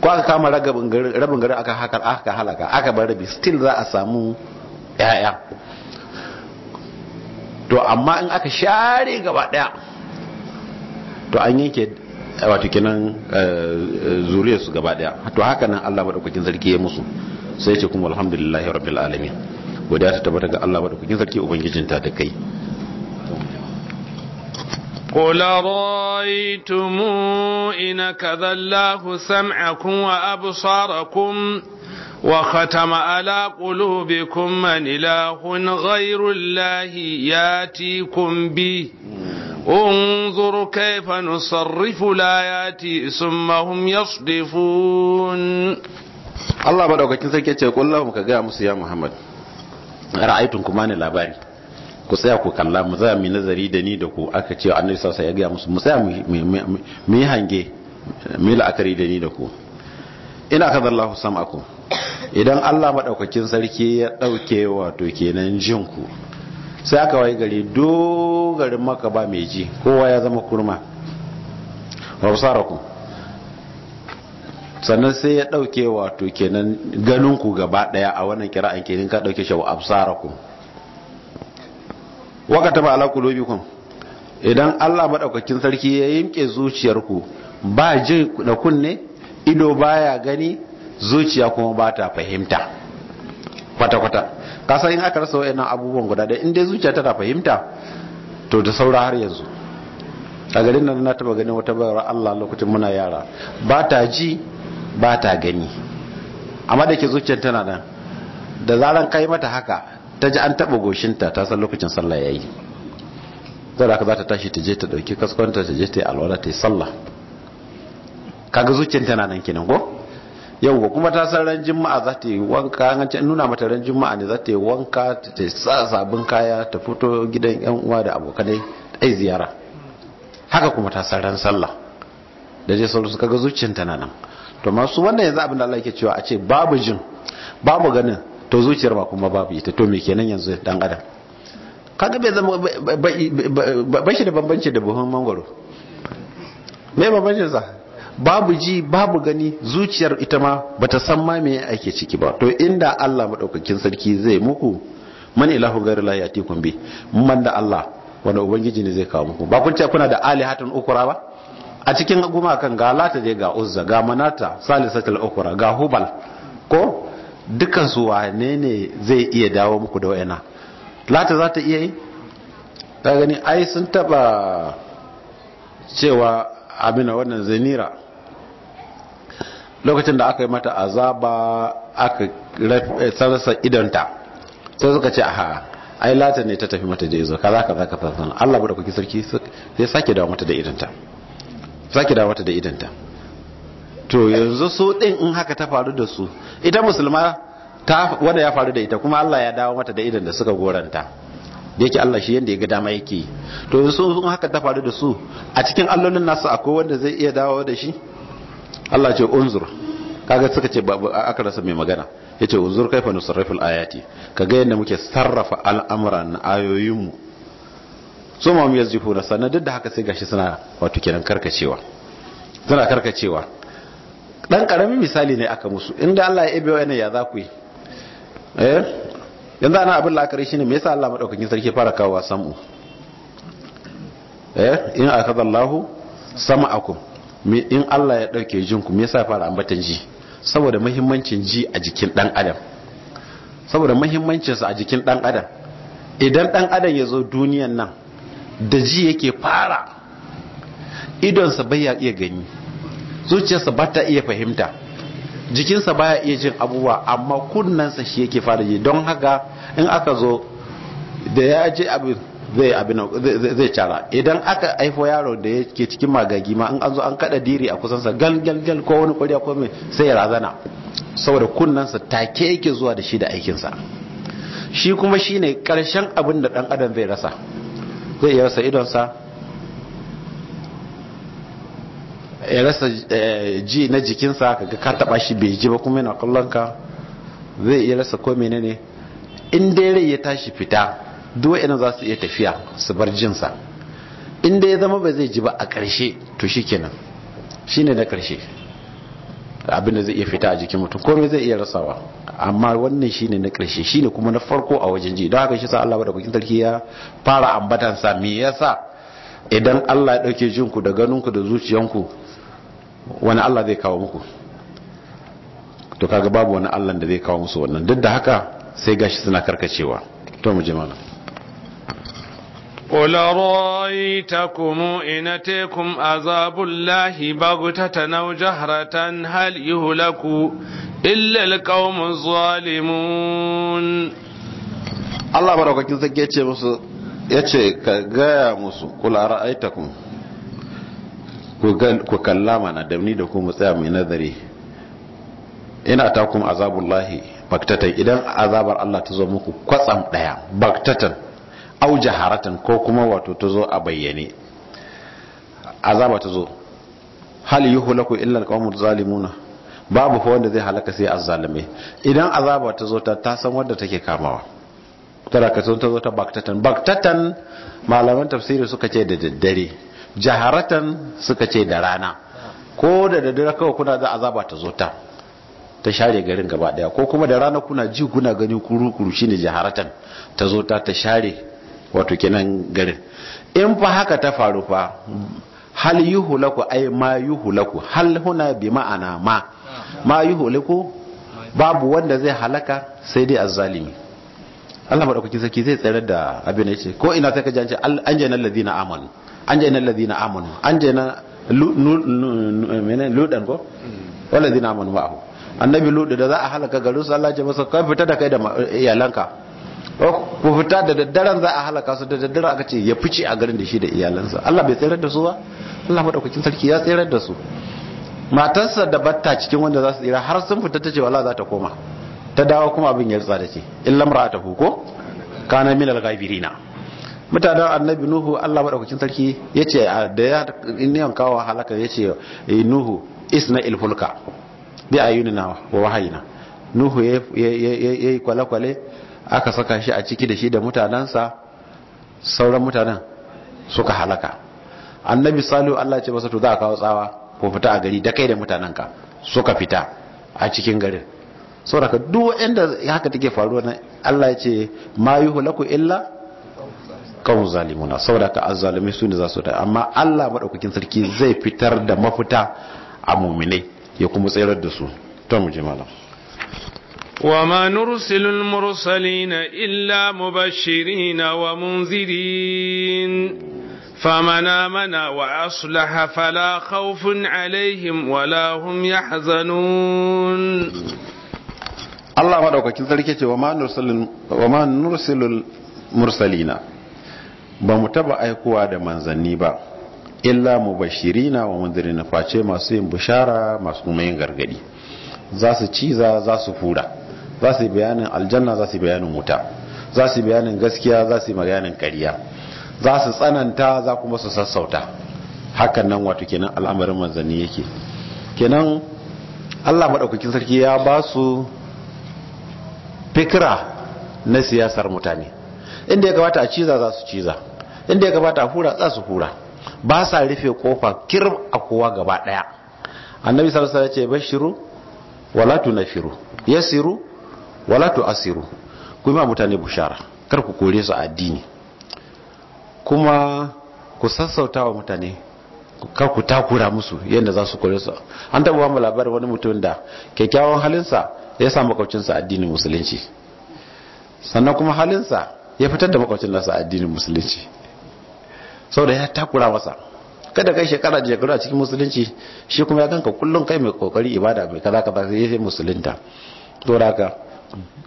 ko aka kama rabin gari aka hakar aka halaka aka bar rabi still za a samu ɗaya to amma in aka share gaba ɗaya to an yanke wato kenan eh, zuriyarsu gaba ɗaya to haka nan Allah madaukakin sarki ya musu sai ce kuma alhamdulillahi rabbil alamin guda su tabbata ga Allah wadda kukin sarki Ubangijinta da kai. Kula roi tumu ina kazallahu sam'akun wa abu sarakun wa khatama ala qulubikum man ilahun lahi ya bi. انظر sun نصرف الآيات ثم هم يصدفون الله بدأ ce سيكي يقول gaya كجاء يا Muhammad". ra'aytun kuma ne labari ku tsaya ku kalla mu za mu nazari da ni da ku aka cewa annabi sallallahu alaihi wasallam ya ga musu mu tsaya mu yi hange mu yi la'akari da ni da ku ina kaza Allahu sam'akum idan Allah madaukakin sarki ya dauke wato kenan jin ku sai aka wai gari dogarin maka ba mai ji kowa ya zama kurma rabsarakum sannan sai ya ɗauke wato kenan ganin ku gaba daya a wannan kira'an kenan ka dauke shi wa absarakum wa kataba ala qulubikum idan Allah madaukakin sarki ya yimke zuciyarku ba ji da kunne ido baya gani zuciya kuma ba ta fahimta kwata kwata kasa aka rasa wayannan abubuwan guda da in dai zuciya ta fahimta to da saura har yanzu a garin nan na taba ganin wata bayar Allah lokacin muna yara ba ta ji ba ta gani amma da ke zuciyar tana nan da zaran kai mata haka ta ji an taɓa goshinta ta san lokacin sallah ya Zai zara ka za ta tashi ta je ta ɗauki kaskonta ta je ta yi alwada ta yi sallah kaga zuciyar tana nan kenan ko yau ba kuma ta san ran juma'a za ta yi wanka an ce nuna mata ran juma'a ne za ta yi wanka ta sa sabbin kaya ta fito gidan yan uwa da abokanai ai ziyara haka kuma ta san ran sallah da je su kaga zuciyar tana nan to masu wannan yanzu abin da Allah yake cewa a ce babu jin babu ganin to zuciyar ba kuma babu ita to me kenan yanzu dan adam kaga bai zama ba shi da bambanci da buhun mangoro me bambancin sa babu ji babu gani zuciyar ita ma bata san ma me ake ciki ba to inda Allah madaukakin sarki zai muku man ilahu ghairu la yatikum bi man da Allah wanda ubangiji ne zai kawo muku ba kun ce kuna da alihatun ukura ba a cikin gumakan ga lata dai ga uzza ga manata salisatul ukhra ga hubal ko dukkan su wane ne zai iya dawo muku da wayana lata za ta iya yi ta gani ai sun taba cewa amina wannan zanira lokacin da aka yi mata azaba aka sarasa idonta sai suka ce a ai lata ne ta tafi mata da izo kaza kaza kaza Allah bude kuki sarki sai sake dawo mata da idonta zaki dawo mata da idanta to yanzu su din in haka ta faru da su ita musulma ta wanda ya faru da ita kuma Allah ya dawo mata da idan da suka goranta da yake Allah shi yanda ya ga dama yake to yanzu in haka ta faru da su a cikin allolin nasu akwai wanda zai iya dawo da shi Allah ce unzur kaga suka ce babu aka rasa mai magana yace unzur kaifa nusarriful ayati kaga yanda muke sarrafa al'amuran ayoyinmu su ma mu yazzifu na sannan duk da haka sai gashi suna wato kenan karkacewa suna karkacewa dan karamin misali ne aka musu inda Allah ya ebe wa ya za ku yi eh yanzu ana abin la'akari shine me yasa Allah madaukakin sarki fara kawo sam'u eh in akadallahu sama'akum me in Allah ya dauke jinku me yasa fara ambatan ji saboda muhimmancin ji a jikin dan adam saboda muhimmancinsa a jikin dan adam idan dan adam ya zo duniyan nan da ji yake fara idonsa bai ya iya gani zuciyarsa ba ta iya fahimta jikinsa baya iya jin abubuwa amma kunnansa shi yake fara ji don haka in aka zo da ya ji abin zai abin zai cara idan aka aifo yaro da yake cikin magagi ma in an zo an kada diri a kusansa gal gal gal ko wani kuriya ko mai sai ya razana saboda kunnansa take yake zuwa da shi da aikinsa shi kuma shine karshen abin da dan adam zai rasa zai iya rasa idonsa ya rasa eh, ji na jikinsa kaga ka taba shi bai ji ba kuma yana kallon ka zai iya rasa ko menene in dai rai ya tashi fita duk ina za su iya tafiya su bar jinsa in dai ya zama bai zai ji ba a ƙarshe to shi kenan shi ne na ƙarshe abin da zai iya fita a jikin mutum komai zai iya rasawa amma wannan shine na ƙarshe shine kuma na farko a wajen ji don haka shi sa Allah da bakin sarki ya fara ambatan sa me yasa idan Allah ya dauke jinku da ganinku da zuciyanku wani Allah zai kawo muku to kaga babu wani Allah da zai kawo musu wannan duk da haka sai gashi suna karkacewa to mu mana قل رأيتكم إن أتيكم عذاب الله بغتة أو جهرة هل يهلك إلا القوم الظالمون Allah maraukakin sarki ya ce musu ya ce ka gaya musu kula ra'aitakum ku kallama na da da ku mu tsaya mai nazari ina ta kuma azabullahi baktatan idan azabar Allah ta zo muku kwatsam daya baktatan au jaharatan ko kuma wato ta zo a bayyane azaba ta zo hal yuhlaku illa alqawmuz zalimuna babu fa wanda zai halaka sai azzalime idan azaba ta zo ta ta san wanda take kamawa tara ka sun ta zo ta baktatan baktatan malaman tafsiri suka ce da daddare jaharatan suka ce da rana ko da daddare kawai kuna za azaba ta zo ta ta share garin gaba daya ko kuma da rana kuna ji kuna gani kuru kuru shine jaharatan ta zo ta ta share wato kenan garin in fa haka ta faru fa hal laku ay ma laku hal huna bi ma'ana ma ma laku babu wanda zai halaka sai dai azzalimi Allah dauki saki zai tsare da abin yake ko ina sai ka ji an ce an jaina alladhina amanu an jaina alladhina amanu an jana ludan ko alladhina amanu ma'ahu annabi ludu da za a halaka garin su Allah ya ce masa kai fita da kai da iyalanka ku fita da daddaren za a halaka su da daddaren aka ce ya fice a garin da shi da iyalansa Allah bai tsirar da su ba Allah madaukakin sarki ya tsirar da su matarsa da batta cikin wanda za su tsira har sun fita ta ce wala za ta koma ta dawo kuma abin ya rutsa da ce illam ra'atahu ko kana minal ghaibirina mutanen annabi nuhu Allah madaukakin sarki Ya ce da ya niyan kawo halaka yace eh, nuhu isna ilfulka bi ayunina wa wahayina nuhu ya yi kwale-kwale aka saka shi a ciki da shi da mutanensa sauran mutanen suka halaka annabi salihu Allah ce masa to za a kawo tsawa ko fita a gari da kai da mutanenka suka fita a cikin garin saboda duk inda haka take faruwa na Allah ya ce ma yuhlaku illa qawm zalimuna saboda ka azzalimi su ne za su ta amma Allah maɗaukakin sarki zai fitar da mafita a mu'minai ya kuma tsayar da su ta mu je malam وما نرسل المرسلين إلا مبشرين ومنذرين فمن آمن وأصلح فلا خوف عليهم ولا هم يحزنون الله ما دوكا kin sarki ce wama nursilul wama nursilul ba mu taba aikowa da manzanni ba illa mubashirina wa mundirina face masu yin bishara masu kuma yin gargadi za su ciza za su fura za su bayanin aljanna za su bayanin wuta za su bayanin gaskiya za su yi bayanin ƙarya za su tsananta za kuma su sassauta hakan nan wato kenan al'amarin manzanni yake kenan Allah maɗaukakin sarki ya ba su fikira na siyasar mutane inda ya gabata a ciza za su ciza inda ya gabata a hura za su hura ba sa rufe kofa kirb a kowa gaba ɗaya annabi sallallahu alaihi wasallam ya ce bashiru wala tunafiru yasiru wala asiru ku ma mutane bushara kar ku kore su addini kuma ku sassauta wa mutane kar ku takura musu yadda za su kore su an taɓa mu labarin wani mutum da kyakkyawan halinsa ya sa makwabcinsa addinin musulunci sannan kuma halinsa ya fitar da makwabcin nasa addinin musulunci saboda ya takura masa kada kai shekara da shekaru a cikin musulunci shi kuma ya ganka kullum kai mai kokari ibada mai kaza kaza sai musulunta to da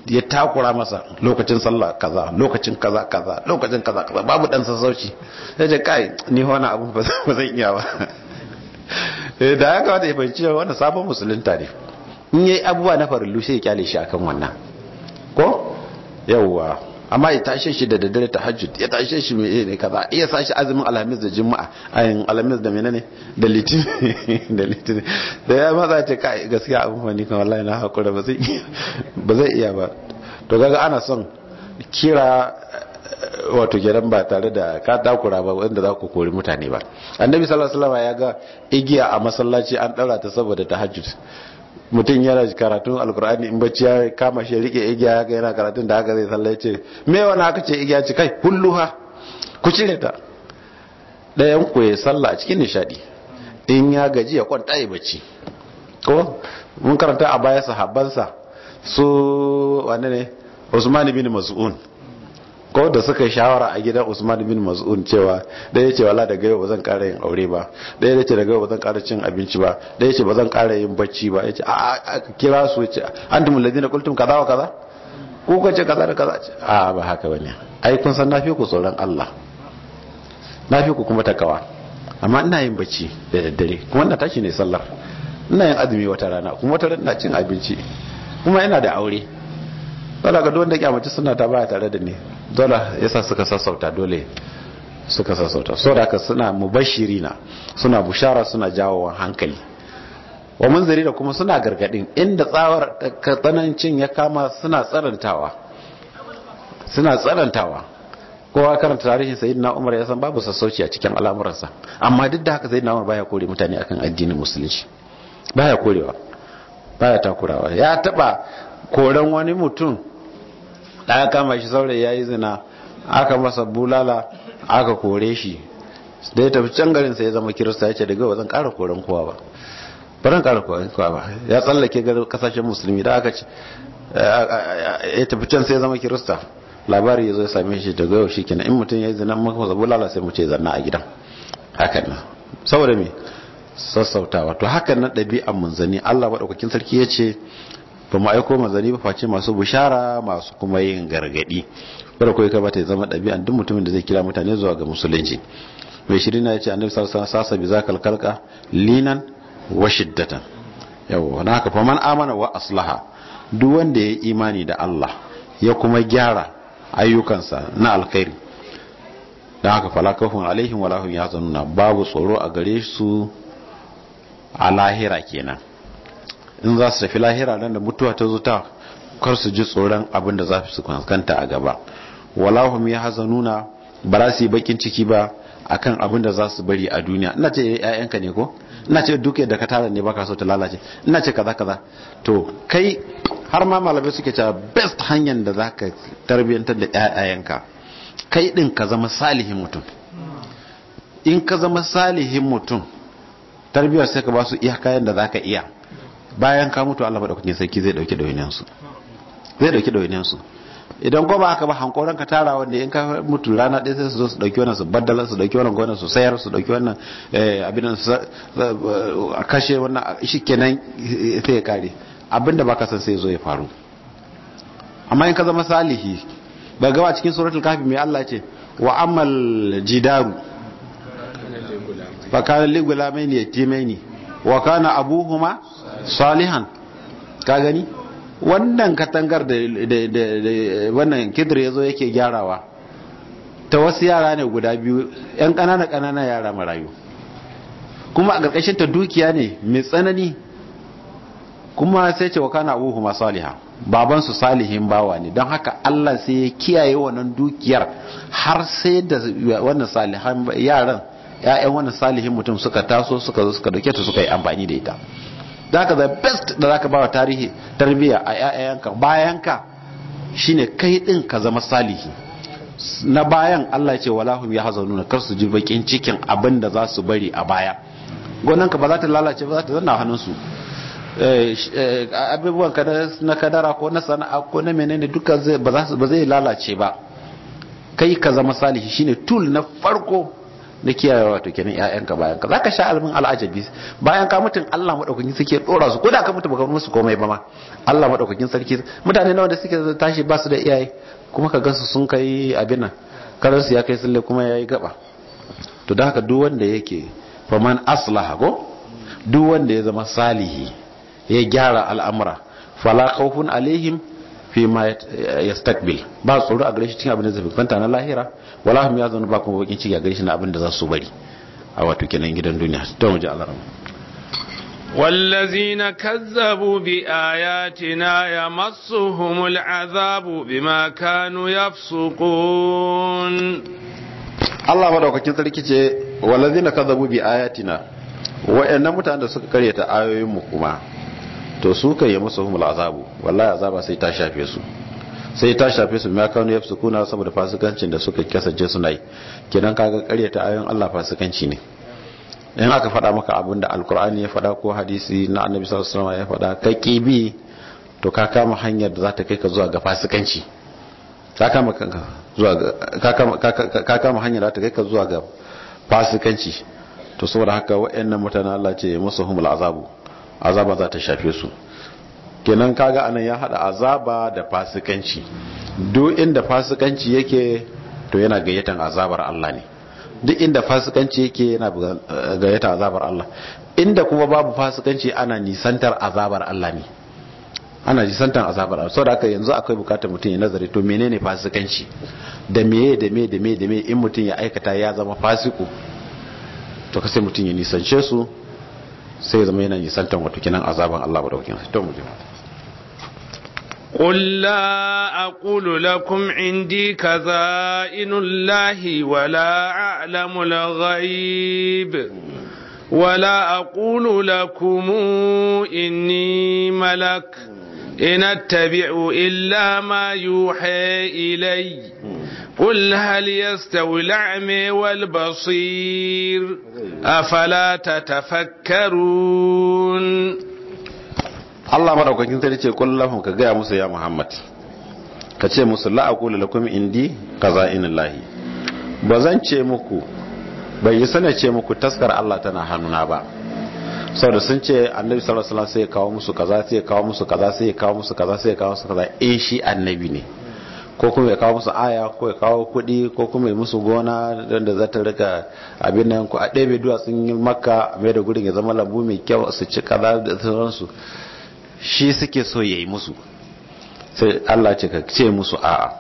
ya takura masa lokacin sallah kaza lokacin kaza kaza lokacin kaza kaza babu dan sassauci sai ce kai ni wani abu ba zan iya ba eh, da aka wata ya fahimci wani sabon musulunta ne in yi abubuwa na farillu sai ya kyale shi akan wannan ko yawwa amma ya tashe shi da daddare ta hajjud ya tashe shi mai ne kaza iya sashi azumin alhamis da juma'a ayin alhamis da menene da litin da litin da ya matsa ta kai gaskiya abin fani kan wallahi na hakura ba zai ba zai iya ba to kaga ana son kira eh, wato gidan ba tare da ka takura ba wanda za ku kori mutane ba annabi sallallahu alaihi wasallam ya ga igiya a masallaci an daura ta saboda tahajjud mutum yana karatun alkur'ani in bacci ya kama shi rike igiya gaya yana karatun da haka zai sallace ya ce me wani haka ce igiya ce kai kulluha ku cire ta ɗayan ku ya sallah a cikin nishadi in ya gaji ya kwanta ya bacci ko mun karanta a baya sahabbansa su wane ne Usman bin Mas'ud ko da suka shawara a gidan Usman bin Mas'ud cewa da ce wala daga yau zan ƙara yin aure ba da ce daga yau zan ƙara cin abinci ba ce ba zan ƙara yin bacci ba yace a kira su ce yace antum alladhina kultum kaza wa kaza ko ce kaza da kaza a ba haka bane ai kun san nafi ku tsoron Allah nafi ku kuma takawa amma ina yin bacci da daddare kuma ina tashi ne sallar ina yin azumi wata rana kuma wata rana ina cin abinci kuma ina da aure dole ga duwanda kyamaci suna ta baya tare da ni dole yasa suka sassauta dole suka sassauta so da haka suna na suna bushara suna jawo hankali wa munzari da kuma suna gargadin inda tsawar tsanancin ya kama suna tsarantawa suna tsarantawa kowa karanta tarihin sayyidina umar ya san babu sassauci a cikin al'amuransa amma duk da haka sayyidina umar baya kore mutane akan addinin musulunci baya korewa baya takurawa ya taba koran wani mutum da aka kama shi saurayi ya yi zina aka masa bulala aka kore shi da ya tafi can garinsa ya zama kirista ya ce daga ba zan koren kowa ba ba zan koren kowa ba ya tsallake kasashen musulmi da aka ce ya tafi can sai ya zama kirista labari ya zo ya same shi daga yau shi kenan in mutum ya yi zina maka masa bulala sai mu ce zanna a gidan hakan nan saboda me sassautawa to hakan na ɗabi'an manzanni Allah maɗaukakin sarki ya ce ba mu aiko manzanni ba face masu bushara masu kuma yin gargadi kada koyi ka bata zama dabi'an duk mutumin da zai kira mutane zuwa ga musulunci mai shiri na yace annabi sallallahu alaihi wasallam sasa bi zakal kalka linan wa shiddatan yawa na fa man amana wa aslaha duk wanda ya imani da Allah ya kuma gyara ayyukansa na alkhairi dan haka falakahu alaihim lahum yazanuna babu tsoro a gare su a lahira kenan in za su tafi lahira nan da mutuwa ta zo ta kar su ji tsoron abin da za su kankanta a gaba walahum ya nuna ba za su yi bakin ciki ba akan abin da za su bari a duniya ina ce ƴaƴanka ne ko ina ce duk yadda ka tara ne baka so ta lalace ina ce kaza kaza to kai har ma malabai suke cewa best hanyar da ka tarbiyantar da ƴaƴayenka kai din ka zama salihin mutum in ka zama salihin mutum tarbiyar sai ka ba su iya kayan da za ka iya bayan ka mutu Allah madaukakin sarki zai dauke dawainiyan su zai dauke dawainiyan su idan ko ba haka ba hankoran ka tara wanda in ka mutu rana ɗaya sai su zo su dauki wannan su baddala su dauki wannan gona su sayar su dauki wannan eh, abin eh, a kashe wannan shi kenan sai ya kare abinda ba ka san sai zo ya faru amma in ka zama salihi ba gaba cikin suratul kafi mai Allah ce wa amal jidaru fa kana li gulamaini yatimaini wa kana abuhuma salihan ka gani wannan katangar da wannan kidir ya zo yake gyarawa ta wasu yara ne guda biyu 'yan kanana kanana yara marayu kuma a ƙarƙashin ta dukiya ne mai tsanani kuma sai ce wa kana saliha babansu salihin bawa ne don haka Allah sai ya kiyaye wannan dukiyar har sai da wannan salihan yaran ya'yan wannan salihin mutum suka taso suka zo suka dauke ta suka yi amfani da ita da ka zai best da za ka ba wa tarihi tarbiyya a 'ya'yanka bayanka ne kai ɗin ka zama salihi na bayan Allah ya ce walahum ya hazanuna kar su ji bakin cikin abin da za su bari a baya ka ba za ta lalace ba za ta zanna hannunsu eh, eh, abubuwan na kadara ko na sana'a ko na menene duka ba zai lalace ba kai ka zama salihi shine tool na farko na kiyayewa to kenan ƴaƴanka bayan ka zaka sha almin al'ajabi bayan ka mutun Allah madaukakin sarki dora su ko da ka mutu baka musu komai ba ma Allah madaukakin sarki mutane nawa da suke tashi ba su da iyaye kuma ka gansu sun kai abin nan karar su ya kai sulle kuma yayi gaba to dan haka duk wanda yake faman aslaha go duk wanda ya zama salihi ya gyara al'amura fala khawfun alaihim fi ma yastaqbil ba tsoro a gare shi cikin abin da zai fanta na lahira wala hum yazun ba kuma bakin ciki a gare shi na abin da za su bari a wato kenan gidan duniya to mu ji Allah والذين كذبوا بآياتنا يمسهم العذاب بما كانوا يفسقون Allah madaukakin sarki ce wallazina kazzabu bi ayatina wa'annan mutanen da suka karyata ayoyin mu kuma to su kan yi musu humul azabu wallahi azaba sai ta shafe su sai ta shafe su ma su kuna saboda fasikancin da suka kasance suna yi kenan kaga ta ayoyin Allah fasikanci ne in aka faɗa maka abin da alkur'ani ya faɗa ko hadisi na annabi sallallahu alaihi wasallam ya faɗa ka kibi to ka kama hanyar da za ta kai ka zuwa ga fasikanci ka kama zuwa ka kama hanyar da ta kai ka zuwa ga fasikanci to saboda haka wa'annan mutanen Allah ce musu humul azabu azaba za ta shafe su kenan kaga anan ya hada azaba da fasikanci duk inda fasikanci yake to yana gayyatan azabar Allah ne duk inda fasikanci yake yana eh, gayyata azabar Allah inda kuma babu fasikanci ana nisantar azabar Allah ne ana nisantar azabar Allah saboda haka yanzu akwai bukatar mutum ya nazari to menene fasikanci da meye da meye da meye da meye in mutum ya aikata ya zama fasiku to ka sai mutum ya nisance su sai zama yana nisantar wato kinan azaban Allah ba da wakin to mu je قل لا أقول لكم عندي كذائن الله ولا أعلم الغيب ولا أقول لكم إني ملك إن أتبع إلا ما يوحى إلي قل هل يستوي الأعمى والبصير أفلا تتفكرون Allah madaukakin sarki ce kullum ka gaya musu ya Muhammad ka ce musu la aqulu lakum indi qaza'inillahi ba zan ce muku bai yi sana ce muku taskar Allah tana hannuna ba da sun ce annabi sallallahu alaihi wasallam sai kawo musu kaza sai kawo musu kaza sai kawo musu kaza sai kawo musu kaza eh shi annabi ne ko kuma ya kawo musu aya ko ya kawo kuɗi ko kuma ya musu gona don da za ta rika abin nan ku a ɗebe duwatsun makka mai da gurin ya zama labu mai kyau su ci kaza da sauransu shi suke so ya yi musu sai Allah ce ka ce musu a'a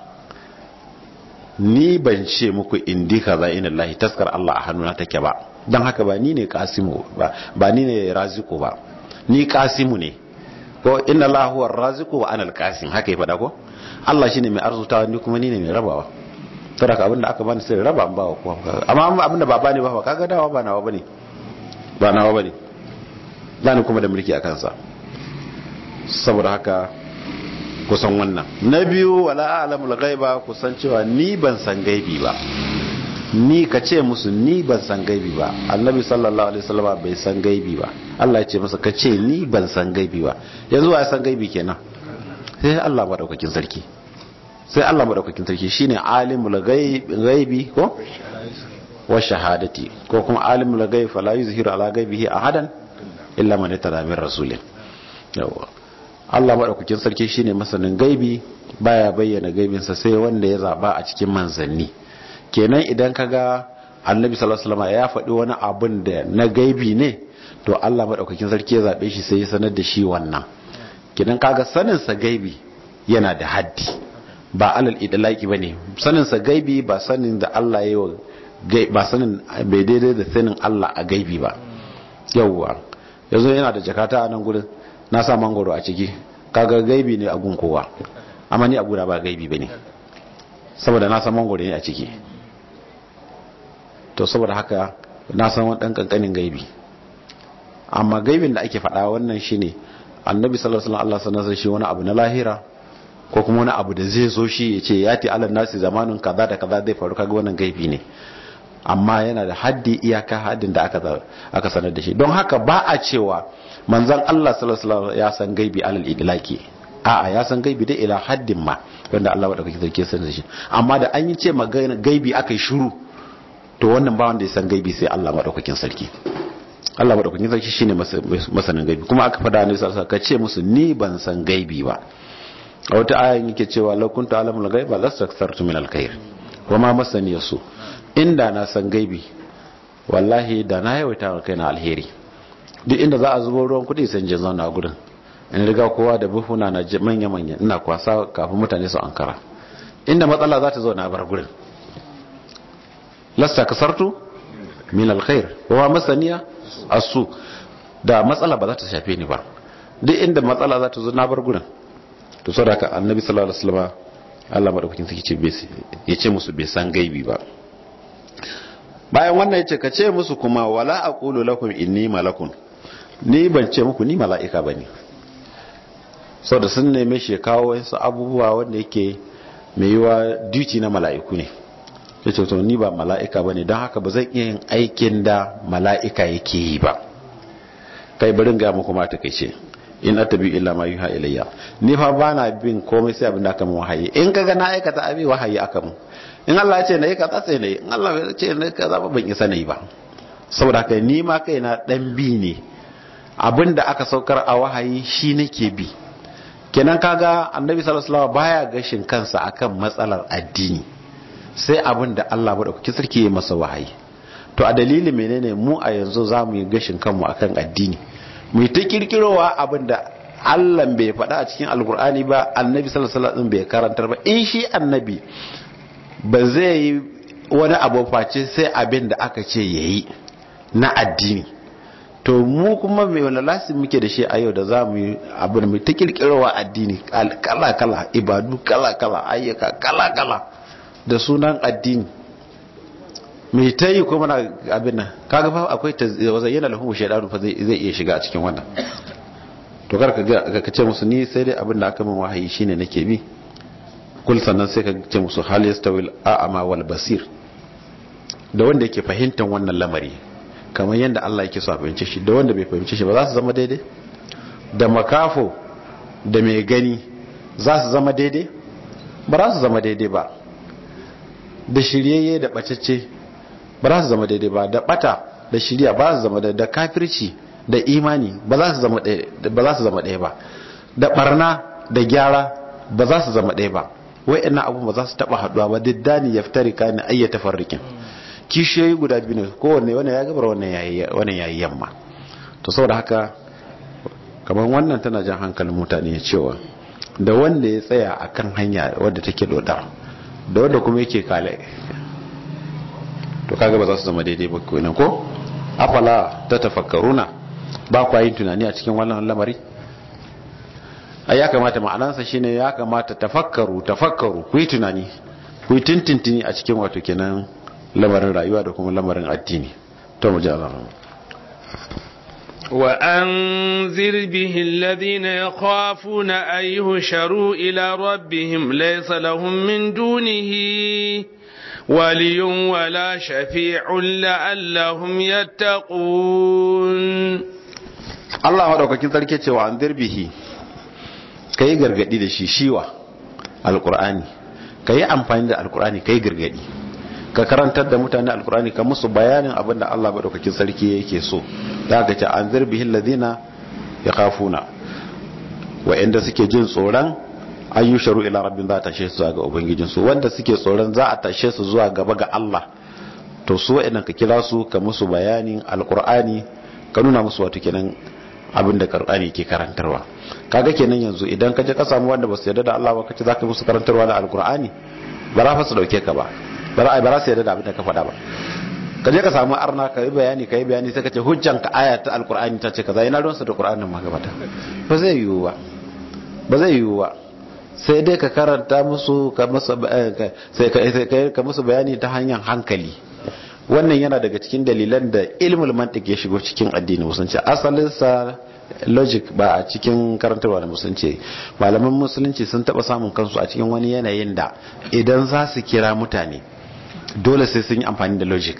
ni ban ce muku indi kaza ina lahi taskar Allah a hannuna take ba don haka ba ni ne kasimu ba ba ni ne raziko ba ni kasimu ne ko inna lahu war raziqu wa anal qasim haka ya fada ko Allah shine mai arzuta ni kuma ni ne mai rabawa to daga abinda aka bani sai raba ba ko amma abinda ba bani ba kaga dawa ba nawa bane ba nawa bane bani kuma da mulki a kansa saboda haka kusan wannan na biyu wala alamul gaiba kusan cewa ni ban san gaibi ba ni ka ce musu ni ban san gaibi ba annabi sallallahu alaihi wasallam bai san gaibi ba Allah ya ce masa ka ce ni ban san gaibi ba yanzu wa ya san gaibi kenan sai Allah madaukakin sarki sai Allah madaukakin sarki shine alimul ghaibi ko wa shahadati ko kuma alimul ghaib fala yuzhiru ala ghaibihi ahadan illa man tada min rasulin yawa Allah maɗaukakin sarki shine masanin gaibi baya bayyana gaibinsa sai wanda ya zaba a cikin manzanni kenan idan ka ga annabi sallallahu ya faɗi wani abin da na gaibi ne to Allah maɗaukakin sarki ya zaɓe shi sai ya sanar da shi wannan kenan kaga saninsa gaibi yana da haddi ba alal idlaki bane saninsa gaibi ba sanin da Allah ya yi ba sanin bai daidai da sanin Allah a gaibi ba yawwa yanzu yana da jakata a nan gurin na sa mangoro a ciki kaga gaibi ne a gun kowa amma ni a guda ba gaibi bane saboda na san mangoro ne a ciki to saboda haka na san wani dan kankanin gaibi amma gaibin da ake faɗa wannan shine annabi sallallahu alaihi wasallam Allah sanar shi wani abu na lahira ko kuma wani abu da zai zo shi ya ce ya ti alal nasi zamanin kaza da kaza zai faru kaga wannan gaibi ne amma yana da haddi iyaka haddin da aka sanar da shi don haka ba a cewa manzan Allah sallallahu alaihi ya san gaibi alal iglaki a'a ya san gaibi da ila haddin ma wanda Allah wadda kake zake san shi amma da an yi ce magana gaibi akai shuru, to wannan ba wanda ya san gaibi sai Allah madaukakin sarki Allah madaukakin sarki shine masanin gaibi kuma aka fada ne sai ka ce musu ni ban san gaibi ba a wata ayan yake cewa law kuntu al ghaiba lastaktartu min al-khair wa ma masani yasu inda na san gaibi wallahi da na yawaita kai na alheri duk inda za a zubo ruwan kuɗi sai je zauna a gurin in riga kowa da buhuna na manya manya ina kwasa kafin mutane su ankara inda matsala za ta zo na bar gurin lasta kasartu min alkhair wa masaniya asu da matsala ba za ta shafe ni ba duk inda matsala za ta zo na bar gurin to saboda ka annabi sallallahu alaihi wasallam Allah madaukakin sarki ce ya ce musu bai san gaibi ba bayan wannan yace ka ce musu kuma wala aqulu lakum inni malakun ni ban ce muku ni mala'ika ba ne sau da sun neme shi kawo wasu abubuwa wanda yake mai yiwa duty na mala'iku ne ya ce to ni ba mala'ika ba ne don haka ba zan iya yin aikin da mala'ika yake yi ba kai barin ga muku mata kai ce in atabi illa ma yuha ilayya ni fa bana bin komai sai abin da aka mun wahayi in kaga na aikata abi wahayi aka mun in Allah ya ce na yi kaza sai na yi in Allah ya ce na yi kaza ba ban isa na yi ba saboda haka ni ma kai na dan bi ne abin da aka saukar a wahayi shi ke bi kenan kaga annabi sallallahu baya gashin kansa akan matsalar addini sai abin da Allah madaukaki sarki ya masa wahayi to a dalili menene mu a yanzu za mu yi gashin kanmu akan addini mu ta kirkirowa abin da Allah bai faɗa a cikin alkur'ani ba annabi sallallahu alaihi bai karantar ba in shi annabi ba zai yi wani abu face sai abin da aka ce yayi na addini to mu kuma mai wani lasi muke da shi a yau da za mu yi abu da mai ta kirkirowa addini kala-kala ibadu kala-kala ayyuka kala-kala da sunan addini mai ta yi kuma na abin nan kaga fa akwai ta lafi mushe da fa zai iya shiga cikin wannan to kar ka ce musu ni sai dai abin da aka min wahayi shine nake bi kul sannan sai ka ce musu hal yastawil a'ama wal basir da wanda yake fahimtar wannan lamari kamar yadda Allah yake so a fahimce shi da wanda bai fahimce shi ba za su zama daidai da makafo da mai gani za su zama daidai ba za su zama daidai ba da shiryayye da bacacce ba za su zama daidai ba da bata da shirya ba su zama da kafirci da imani ba za su zama ɗaya ba da barna da gyara ba za su zama daidai ba wa'annan abu ba za su taɓa haɗuwa ba diddani ya ka ne ayyata farrikin kishiyoyi guda biyu ne wanne wani ya gabar wani ya yi yamma to saboda haka kamar wannan tana jan hankalin mutane cewa da wanda ya tsaya a kan hanya wadda take dodar da wanda kuma yake kale to kaga ba za su zama daidai ba kenan ko afala ta tafakaruna ba kwa yin tunani a cikin wannan lamari A ya kamata ma'anansa shine ya kamata tafakkaru tafakkaru ku yi tunani ku yi tintintini a cikin wato kenan Lamarin rayuwa da kuma lamarin addini. Tau muje a la'ana. Wa'anziru bihin ladina ya kofuna a yi ila robin laifin laifin mun duniya waliyun wa la shafi cune ya taƙu. Allah ma ɗaukakin zarke cewa an zirbihi, ka yi gargadi da shi shiwa Al-Ƙur'ani, amfani da al kai ka gargadi. ka karantar da mutane alkur'ani ka musu bayanin abin da Allah madaukakin sarki yake so da aka ce an zirbi ladina ya kafuna wa'anda suke jin tsoron an yi sharu ila rabin za a tashe su ga ubangijinsu wanda suke tsoron za a tashe su zuwa gaba ga Allah to su wa'annan ka kira su ka musu bayanin alkur'ani ka nuna musu wato kenan abin da karɓani ke karantarwa kaga kenan yanzu idan ka je ka samu wanda ba su yarda da Allah ba kace zaka musu karantarwa na alkur'ani ba za fa su dauke ka ba bara ba su yarda da abin da ka faɗa ba ka je ka samu arna ka yi bayani ka yi bayani sai ka ce hujjan ka aya ta alkur'ani ta ce kaza yana ruwansa da qur'anin ma ba zai yiwu ba ba zai yiwu ba sai dai ka karanta musu ka musu eh, sai ka ka musu bayani ta hanyar hankali wannan yana daga cikin dalilan da ilmul mantiki ya shigo cikin addini musulunci asalin sa logic ba a cikin karantarwa da musulunci malaman musulunci sun taba samun kansu a cikin wani yanayin da idan za su kira mutane dole sai sun yi amfani da logic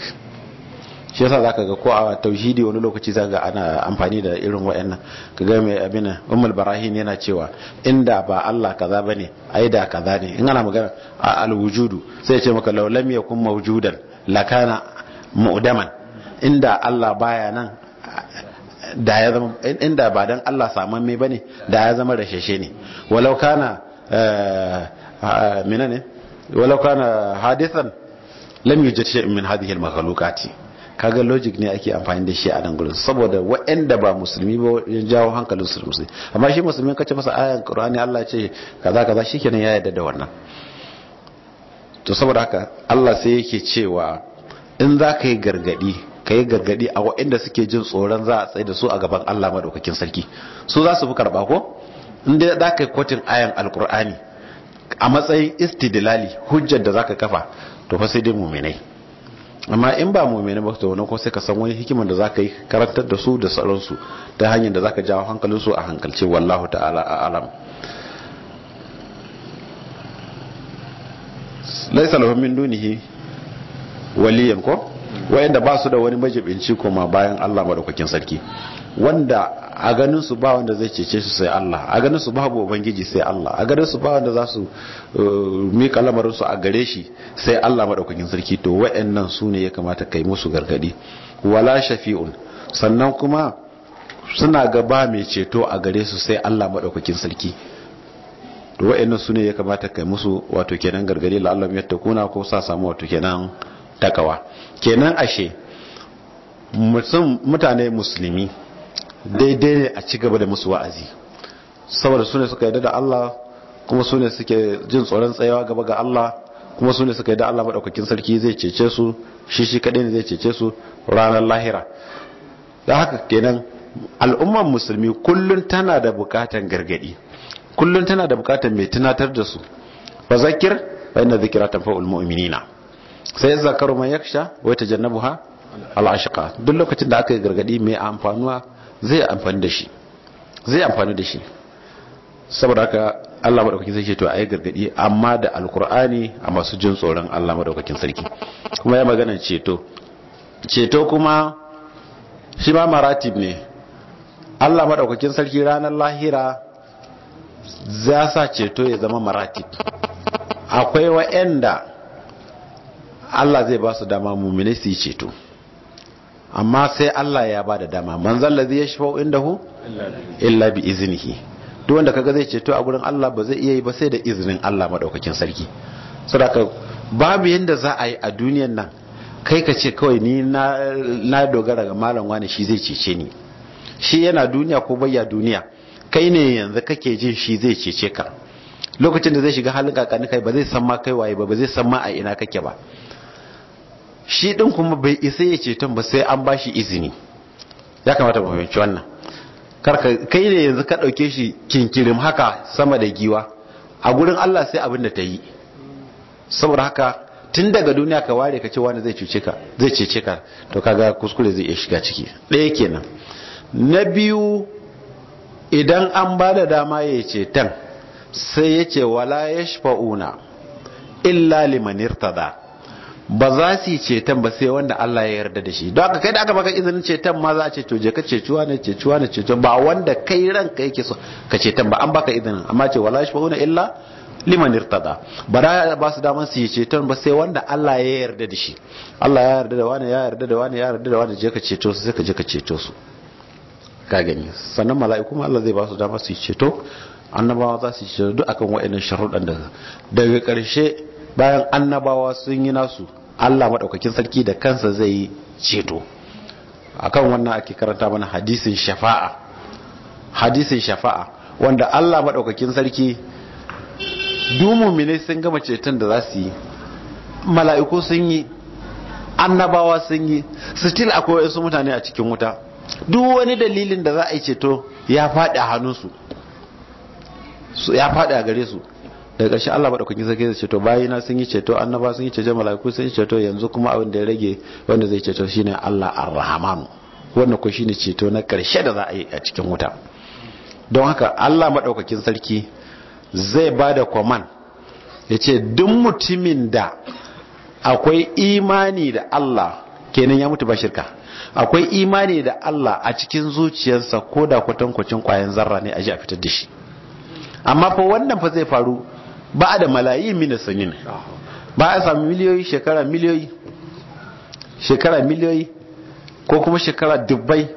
shi yasa zaka ga ko a tauhidi wani lokaci zaka ana amfani da irin wayannan ga mai abin ummul barahin yana cewa inda ba Allah kaza bane ai da kaza ne in ana magana al wujudu sai ce maka law lam yakun mawjudan lakana mu'daman inda Allah baya nan da ya zama inda ba dan Allah saman ba bane da ya zama sheshe ne walau kana mina eh, ne walau kana hadithan lam yujad shay'un min hadhihi al-makhluqati kaga logic ne ake amfani da shi a nan gurin saboda waɗanda ba musulmi ba ya jawo hankalin su musulmi amma shi musulmi kace masa ayan qur'ani Allah ya ce kaza kaza shikenan ya yarda da wannan to saboda haka Allah sai yake cewa in za ka yi gargadi ka yi gargadi a waɗanda suke jin tsoron za a tsaye da su a gaban Allah madaukakin sarki su za su fi karɓa ko in dai za ka yi kotin ayan alkur'ani a matsayin istidlali hujjar da za ka kafa to fa sai dai muminai amma in ba muminai ba to wannan ko sai ka san wani hikimar da zaka yi karantar da su da su ta hanyar da zaka jawo hankalin su a hankalce wallahu ta'ala a a'lam laisa lahum min dunihi waliyan ko wayanda ba su da wani majibinci kuma bayan Allah madaukakin sarki wanda a ganin su ba wanda zai cece su sai Allah a ganin su babu ubangiji sai Allah a ganin su ba wanda za su uh, miƙa lamarinsu a gare shi sai Allah maɗaukakin sarki to nan su ne ya kamata kai musu gargadi wala shafi'un sannan kuma suna gaba mai ceto a gare su sai Allah maɗaukakin sarki to nan su ne ya kamata kai musu wato kenan gargadi la Allah kuna ko sa samu wato kenan takawa kenan ashe mutum mutane musulmi daidai ne a ci gaba da musu wa'azi saboda su ne suka yarda da Allah kuma su ne suke jin tsoron tsayawa gaba ga Allah kuma su ne suka yada Allah maɗaukakin sarki zai cece su shi shi kaɗai ne zai cece su ranar lahira da haka kenan al'ummar musulmi kullum tana da bukatan gargaɗi kullum tana da bukatan mai tunatar da su fa zakir fa inna zikra tanfa'ul mu'minina sai zakaru man yaksha wa tajannabuha al duk lokacin da aka yi gargadi mai amfanuwa zai amfani da shi zai amfani da shi saboda haka Allah madaukakin sarki to ayi gargadi amma da alkur'ani a masu jin tsoron Allah madaukakin sarki kuma ya magana ceto ceto kuma shi ma maratib ne Allah madaukakin sarki ranar lahira za sa ceto ya zama maratib akwai wa'anda Allah zai ba su dama mu su ceto amma sai Allah ya ba da dama manzan lazi ya shafa'u indahu illa bi iznihi duk wanda kaga zai ceto a gurin Allah ba zai iya yi ba sai da izinin Allah maɗaukakin sarki saboda babu yanda za a yi a duniyan nan kai ka ce kawai ni na dogara ga malam wani shi zai cece ni shi yana duniya ko bayya duniya kai ne yanzu kake jin shi zai cece ka lokacin da zai shiga halin kakani kai ba zai san ma kai waye ba ba zai san ma a ina kake ba shi ɗin kuma bai isa ya ceton ba sai an ba shi izini ya kamata mu fahimci wannan karka kai ne yanzu ka ɗauke shi kinkirim haka sama da giwa a gurin Allah sai abin da ta yi saboda haka tun daga duniya ka ware ka ce wani zai cuce ka zai cece ka to kaga kuskure zai iya shiga ciki ɗaya kenan na biyu idan an ba da dama ya ce tan sai ya ce wala yashfa'una illa liman irtada ba za su yi ceton ba sai wanda Allah ya yarda da shi don haka kai da aka baka izinin ceton ma za a ce to je ka cecuwa ne cecuwa ne ceton ba wanda kai ranka yake so ka ceton ba an baka izinin amma ce wala fauna illa liman irtada ba ba su daman su yi ceton ba sai wanda Allah ya yarda da shi Allah ya yarda da wani ya yarda da wani ya yarda da wani je ka ceto su sai ka je ka ceto su ka gani sannan mala'iku ma Allah zai ba su dama su yi ceto annabawa za su yi ceto duk akan wa'annan sharuɗan da daga ƙarshe bayan annabawa sun yi nasu Allah maɗaukakin sarki da kansa zai yi ceto akan wannan ake karanta mana hadisin shafa'a hadisin shafa'a wanda Allah maɗaukakin sarki dumumine sun gama ceton da za su yi mala'iku sun yi annabawa sun yi still akwai wasu mutane a cikin wuta duk wani dalilin da za a yi ceto ya faɗi a hannunsu ya faɗi a gare su daga ƙarshe Allah madaukakin sarki zai ceto na sun yi ceto annaba sun yi ceto mala'iku sun yi ceto yanzu kuma abin da ya rage wanda zai ceto shine Allah ar-Rahman wannan ko shine ceto na ƙarshe da za a yi a cikin wuta don haka Allah maɗaukakin sarki zai ba da kwaman ya ce duk mutumin da akwai imani da Allah kenan ya mutu ba shirka akwai imani da Allah a cikin zuciyarsa ko da kwatankwacin kwayan zarra ne a ji a fitar da shi amma fa wannan fa zai faru ba a da malayi mina sanin ba a sami miliyoyi shekara miliyoyi shekara miliyoyi ko kuma shekara dubbai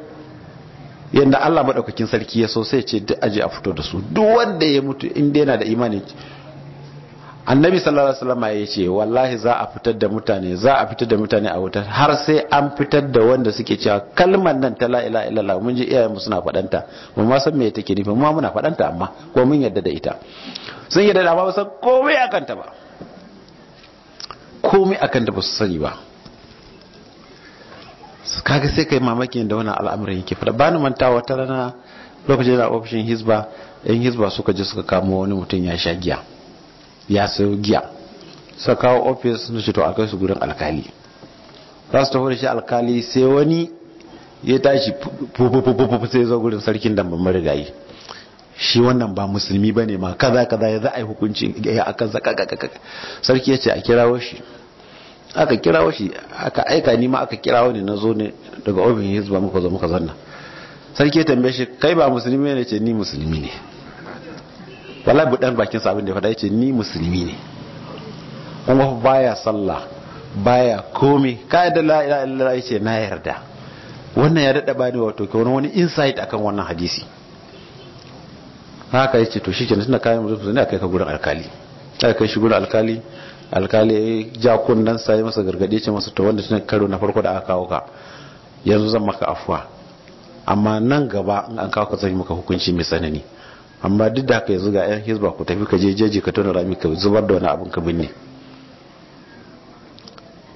yadda Allah maɗaukakin sarki ya so sai ce duk aji a fito da su duk wanda ya mutu inda yana da imani annabi sallallahu alaihi wasallam ya ce wallahi za a fitar da mutane za a fitar da mutane a wutar har sai an fitar da wanda suke cewa kalmar nan ta la ilaha illallah mun ji iyayen mu suna ta mu ma san me take nufi mu ma muna ta amma ko mun yarda da ita sun yarda da ba san komai akan ta ba komai akan ta ba su sani ba kaga sai kai mamakin da wannan al'amarin yake fada bani manta wata rana lokacin da ofishin hisba yan hisba suka je suka kamo wani mutum ya sha giya ya sayo giya sa kawo ofis na shi to a kai su gurin alkali za su tafi da shi alkali sai wani ya tashi fufufufufu sai zo gurin sarkin damban marigayi shi wannan ba musulmi ba ne ma kaza kaza ya za a yi hukunci a kaza kakakaka sarki ya ce a kirawo shi aka kirawo shi aka aika ni ma aka kirawo ne na zo ne daga obin ba muka zo muka zanna sarki ya tambaye shi kai ba musulmi ne ce ni musulmi ne wallahi dan bakin sa abin da ya faɗa yace ni musulmi ne kuma baya sallah baya komai kai da la ilaha illallah yace na yarda wannan ya dada bani wato ke wani wani insight akan wannan hadisi haka yace to shikenan tunda kayan zuwa ne akai ka gurin alkali kai kai shi gurin alkali alkali ja kunnan sai masa gargade ce masa to wanda tunan karo na farko da aka kawo ka yanzu zan maka afuwa amma nan gaba in an kawo ka zan maka hukunci mai tsanani amma duk da haka yanzu ga 'yan hizba ku tafi ka je jeji ka tona rami ka zubar da wani abin ka binne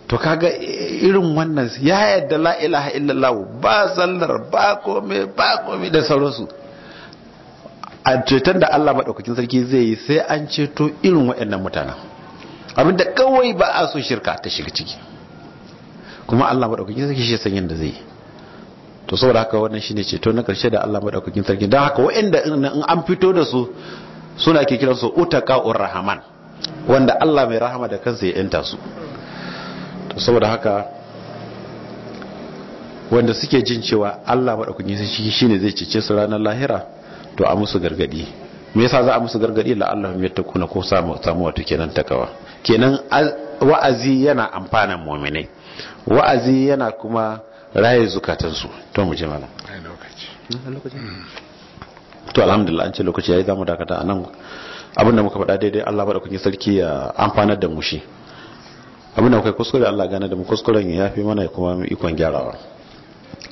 to kaga irin wannan ya yadda la ilaha illallah ba sallar ba kome ba kome da sauransu a ceton da Allah maɗaukakin sarki zai yi sai an ceto irin waɗannan mutanen abinda kawai ba a so shirka ta shiga ciki kuma Allah maɗaukacin sarki shi san yadda zai yi to saboda haka wannan shine ceto na karshe da Allah madaukakin sarki dan haka wa'anda in an fito da su suna ke su utaqaur rahaman wanda Allah mai rahama da kansa ya yanta su to saboda haka wanda suke jin cewa Allah madaukakin sarki shine zai cece su ranar lahira to a musu gargadi me yasa za a musu gargadi la Allah ya takuna ko samu samu wato kenan takawa kenan wa'azi yana amfanan mu'mini wa'azi yana kuma raye zukatansu to mu je mana hmm. to alhamdulillah an ce lokaci yayi zamu dakata anan da muka faɗa daidai Allah ba da kun sarki ya amfanar da mu shi da muka kuskure Allah gane da mu kuskuren ya fi mana kuma ikon gyarawa